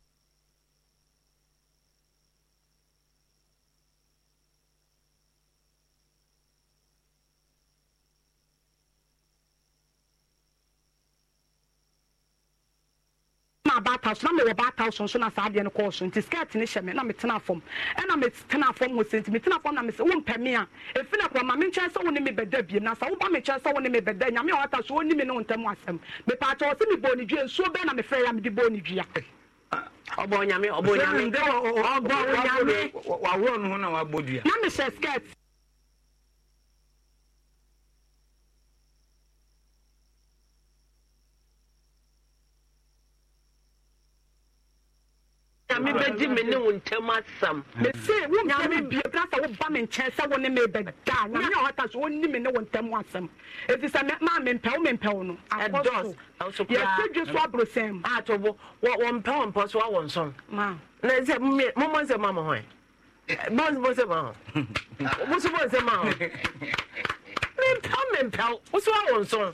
five thousand na mewɔ five thousand so na saa adeɛ no kɔɔ so nti skirt ne hyɛ me na metena fam ɛna metena fam wɔ sɛ nti metena fam na mesɛ wompɛ me a ɛfi na kɔma me nkyɛn sɛ wo ne me bɛda biam na sɛ woba me nkyɛn sɛ wo ne me bɛda nyame a so wɔni me ne wo ntɛm asɛm mepɛ akyɛ wɔ sɛ mebɔɔ ne dua nsuo bɛɛ na mefrɛ yɛ mede bɔɔ ne dua ɔbɔ nyame ɔbɔ nyame ɔbɔ nyame na wabɔ dua skirt nyame bɛgye me ne wo ntam asam mese wonyame bie bra sɛ woba me nkyɛn sɛ wo ne me bɛda nyame a wata so wonni me ne wo ntam asɛm ɛti sɛ maa mempɛ wo mempɛ wo no akɔ so yɛsɛ dwe so aborɔsɛm atobo wɔmpɛ wɔ mpɔ so wawɔ nsɔm na sɛ momɔ nsɛm ama hɔ bɔnsɛ sɛ ma hɔ woso bɔnsɛ ma hɔ mempɛw mempɛw wo so wawɔ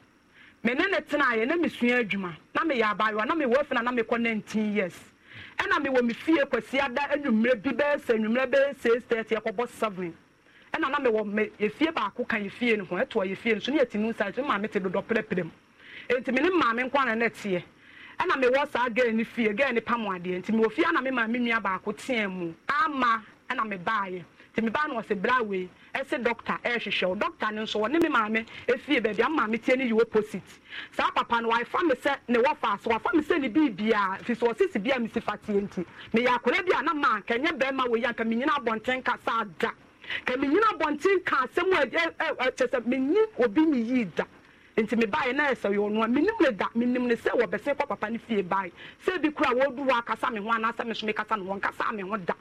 mene ne tenaeɛ na mesua adwuma na meyɛ abayewa na mewɔ afei na na mekɔ 19 years ɛna mewɔ me fie kwasi ada anwummerɛ bi bɛyɛ sɛ anwummerɛ bɛyɛ ɛna na mewɔ me yɛfie baako ka yɛfie no ho ɛtoa yɛfie no so ne yɛti mu nsa so maame te dodɔ mu enti mene maame teɛ ɛna mewɔ saa gɛɛ ne fie gɛɛ ne adeɛ fie ama ɛna ɛsɛ dɔkta ɛrehwehwɛ eh, o dɔkta ni nso wɔne me maame efie baabi ama maame tie ne yi opposite saa papa no wafa me sɛ ne wɔfa so wafa me sɛ ne bii bia fi so ɔsisi bia me si fa tie nti meyɛ akora bi a na maa nkɛnyɛ bɛrima wɔ yi a nkɛmɛ nyina abɔnten kasa da nkɛmɛ nyina abɔnten ka asɛm a ɛ ɛ kyɛ sɛ menyi obi ne yi da nti me baayɛ na ɛsɛ yɛ ɔnoa menim ne da menim ne sɛ wɔbɛsɛn kɔ papa ne fie baayɛ sɛ bi kura wɔɔdu hɔ akasa me ho anaasɛ me so mekasa ne wɔn kasa me ho da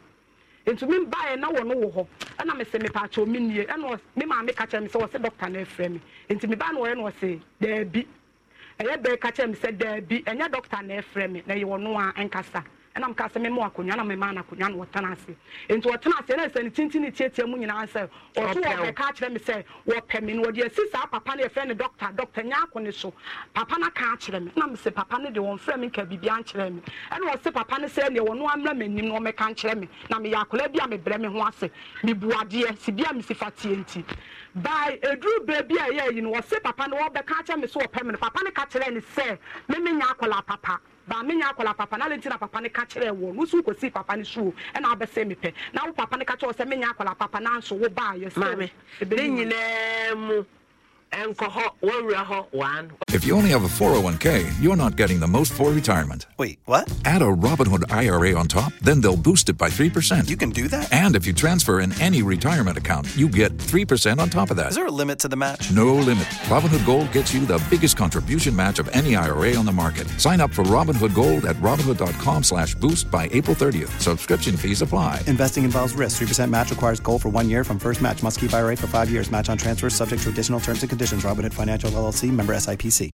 nti mi na wɔn wɔ hɔ ɛna mi sɛ mi paakyɛw mi nie ɛna mi maame ka kyerɛ mi sɛ wɔsɛ dɔkta na efrɛ mi nti mi baa na wɔyɛ na ɔsɛ dɛɛbi ɛyɛ bɛɛ ka mi sɛ dɛɛbi ɛnyɛ dɔkta na efrɛ mi na yɛ wɔn a nkasa ɛna mu kaasa mɛmɛ akonnwa na mɛmɛ anakonnwa na wɔtena ase nti wɔtena ase ɛna sɛ ne tenten ne tietia mu nyinaa sɛ ɔto wɔ bɛka akyerɛ mi sɛ wɔpɛ mi no wɔde esi saa papa no yɛfrɛ ne dɔkta dɔkta nya ako ne so papa no aka akyerɛ mi ɛna mi sɛ papa no de wɔn frɛ mi nka bibi ankyerɛ mi ɛna wɔsi papa no sɛ ɛna wɔn amra mi anim na wɔmɛka nkyerɛ mi na mi yɛ akɔla bi a mi brɛ mi ho ase mi bu adeɛ si bi a mi si fa tie nti by eduru beebi a ɛyɛ yi no wɔsi papa no wɔbɛka akyerɛ mi so papa no ka ni sɛ mɛmɛ nya akɔla papa baame nya akɔla papa na papa ne ka kyerɛ wɔ no so kɔsi papa ne suo ɛna abɛsɛ mi pɛ na papa ne ka kyerɛ wɔ sɛ menya akɔla papa na wo baa yɛ sɛ maame ne nyinaa mu If you only have a 401k, you're not getting the most for retirement. Wait, what? Add a Robinhood IRA on top, then they'll boost it by 3%. You can do that? And if you transfer in any retirement account, you get 3% on top of that. Is there a limit to the match? No limit. Robinhood Gold gets you the biggest contribution match of any IRA on the market. Sign up for Robinhood Gold at Robinhood.com slash boost by April 30th. Subscription fees apply. Investing involves risk. 3% match requires gold for one year from first match. Must keep IRA for five years. Match on transfers subject to additional terms and conditions conditions. Robinhood Financial LLC, member SIPC.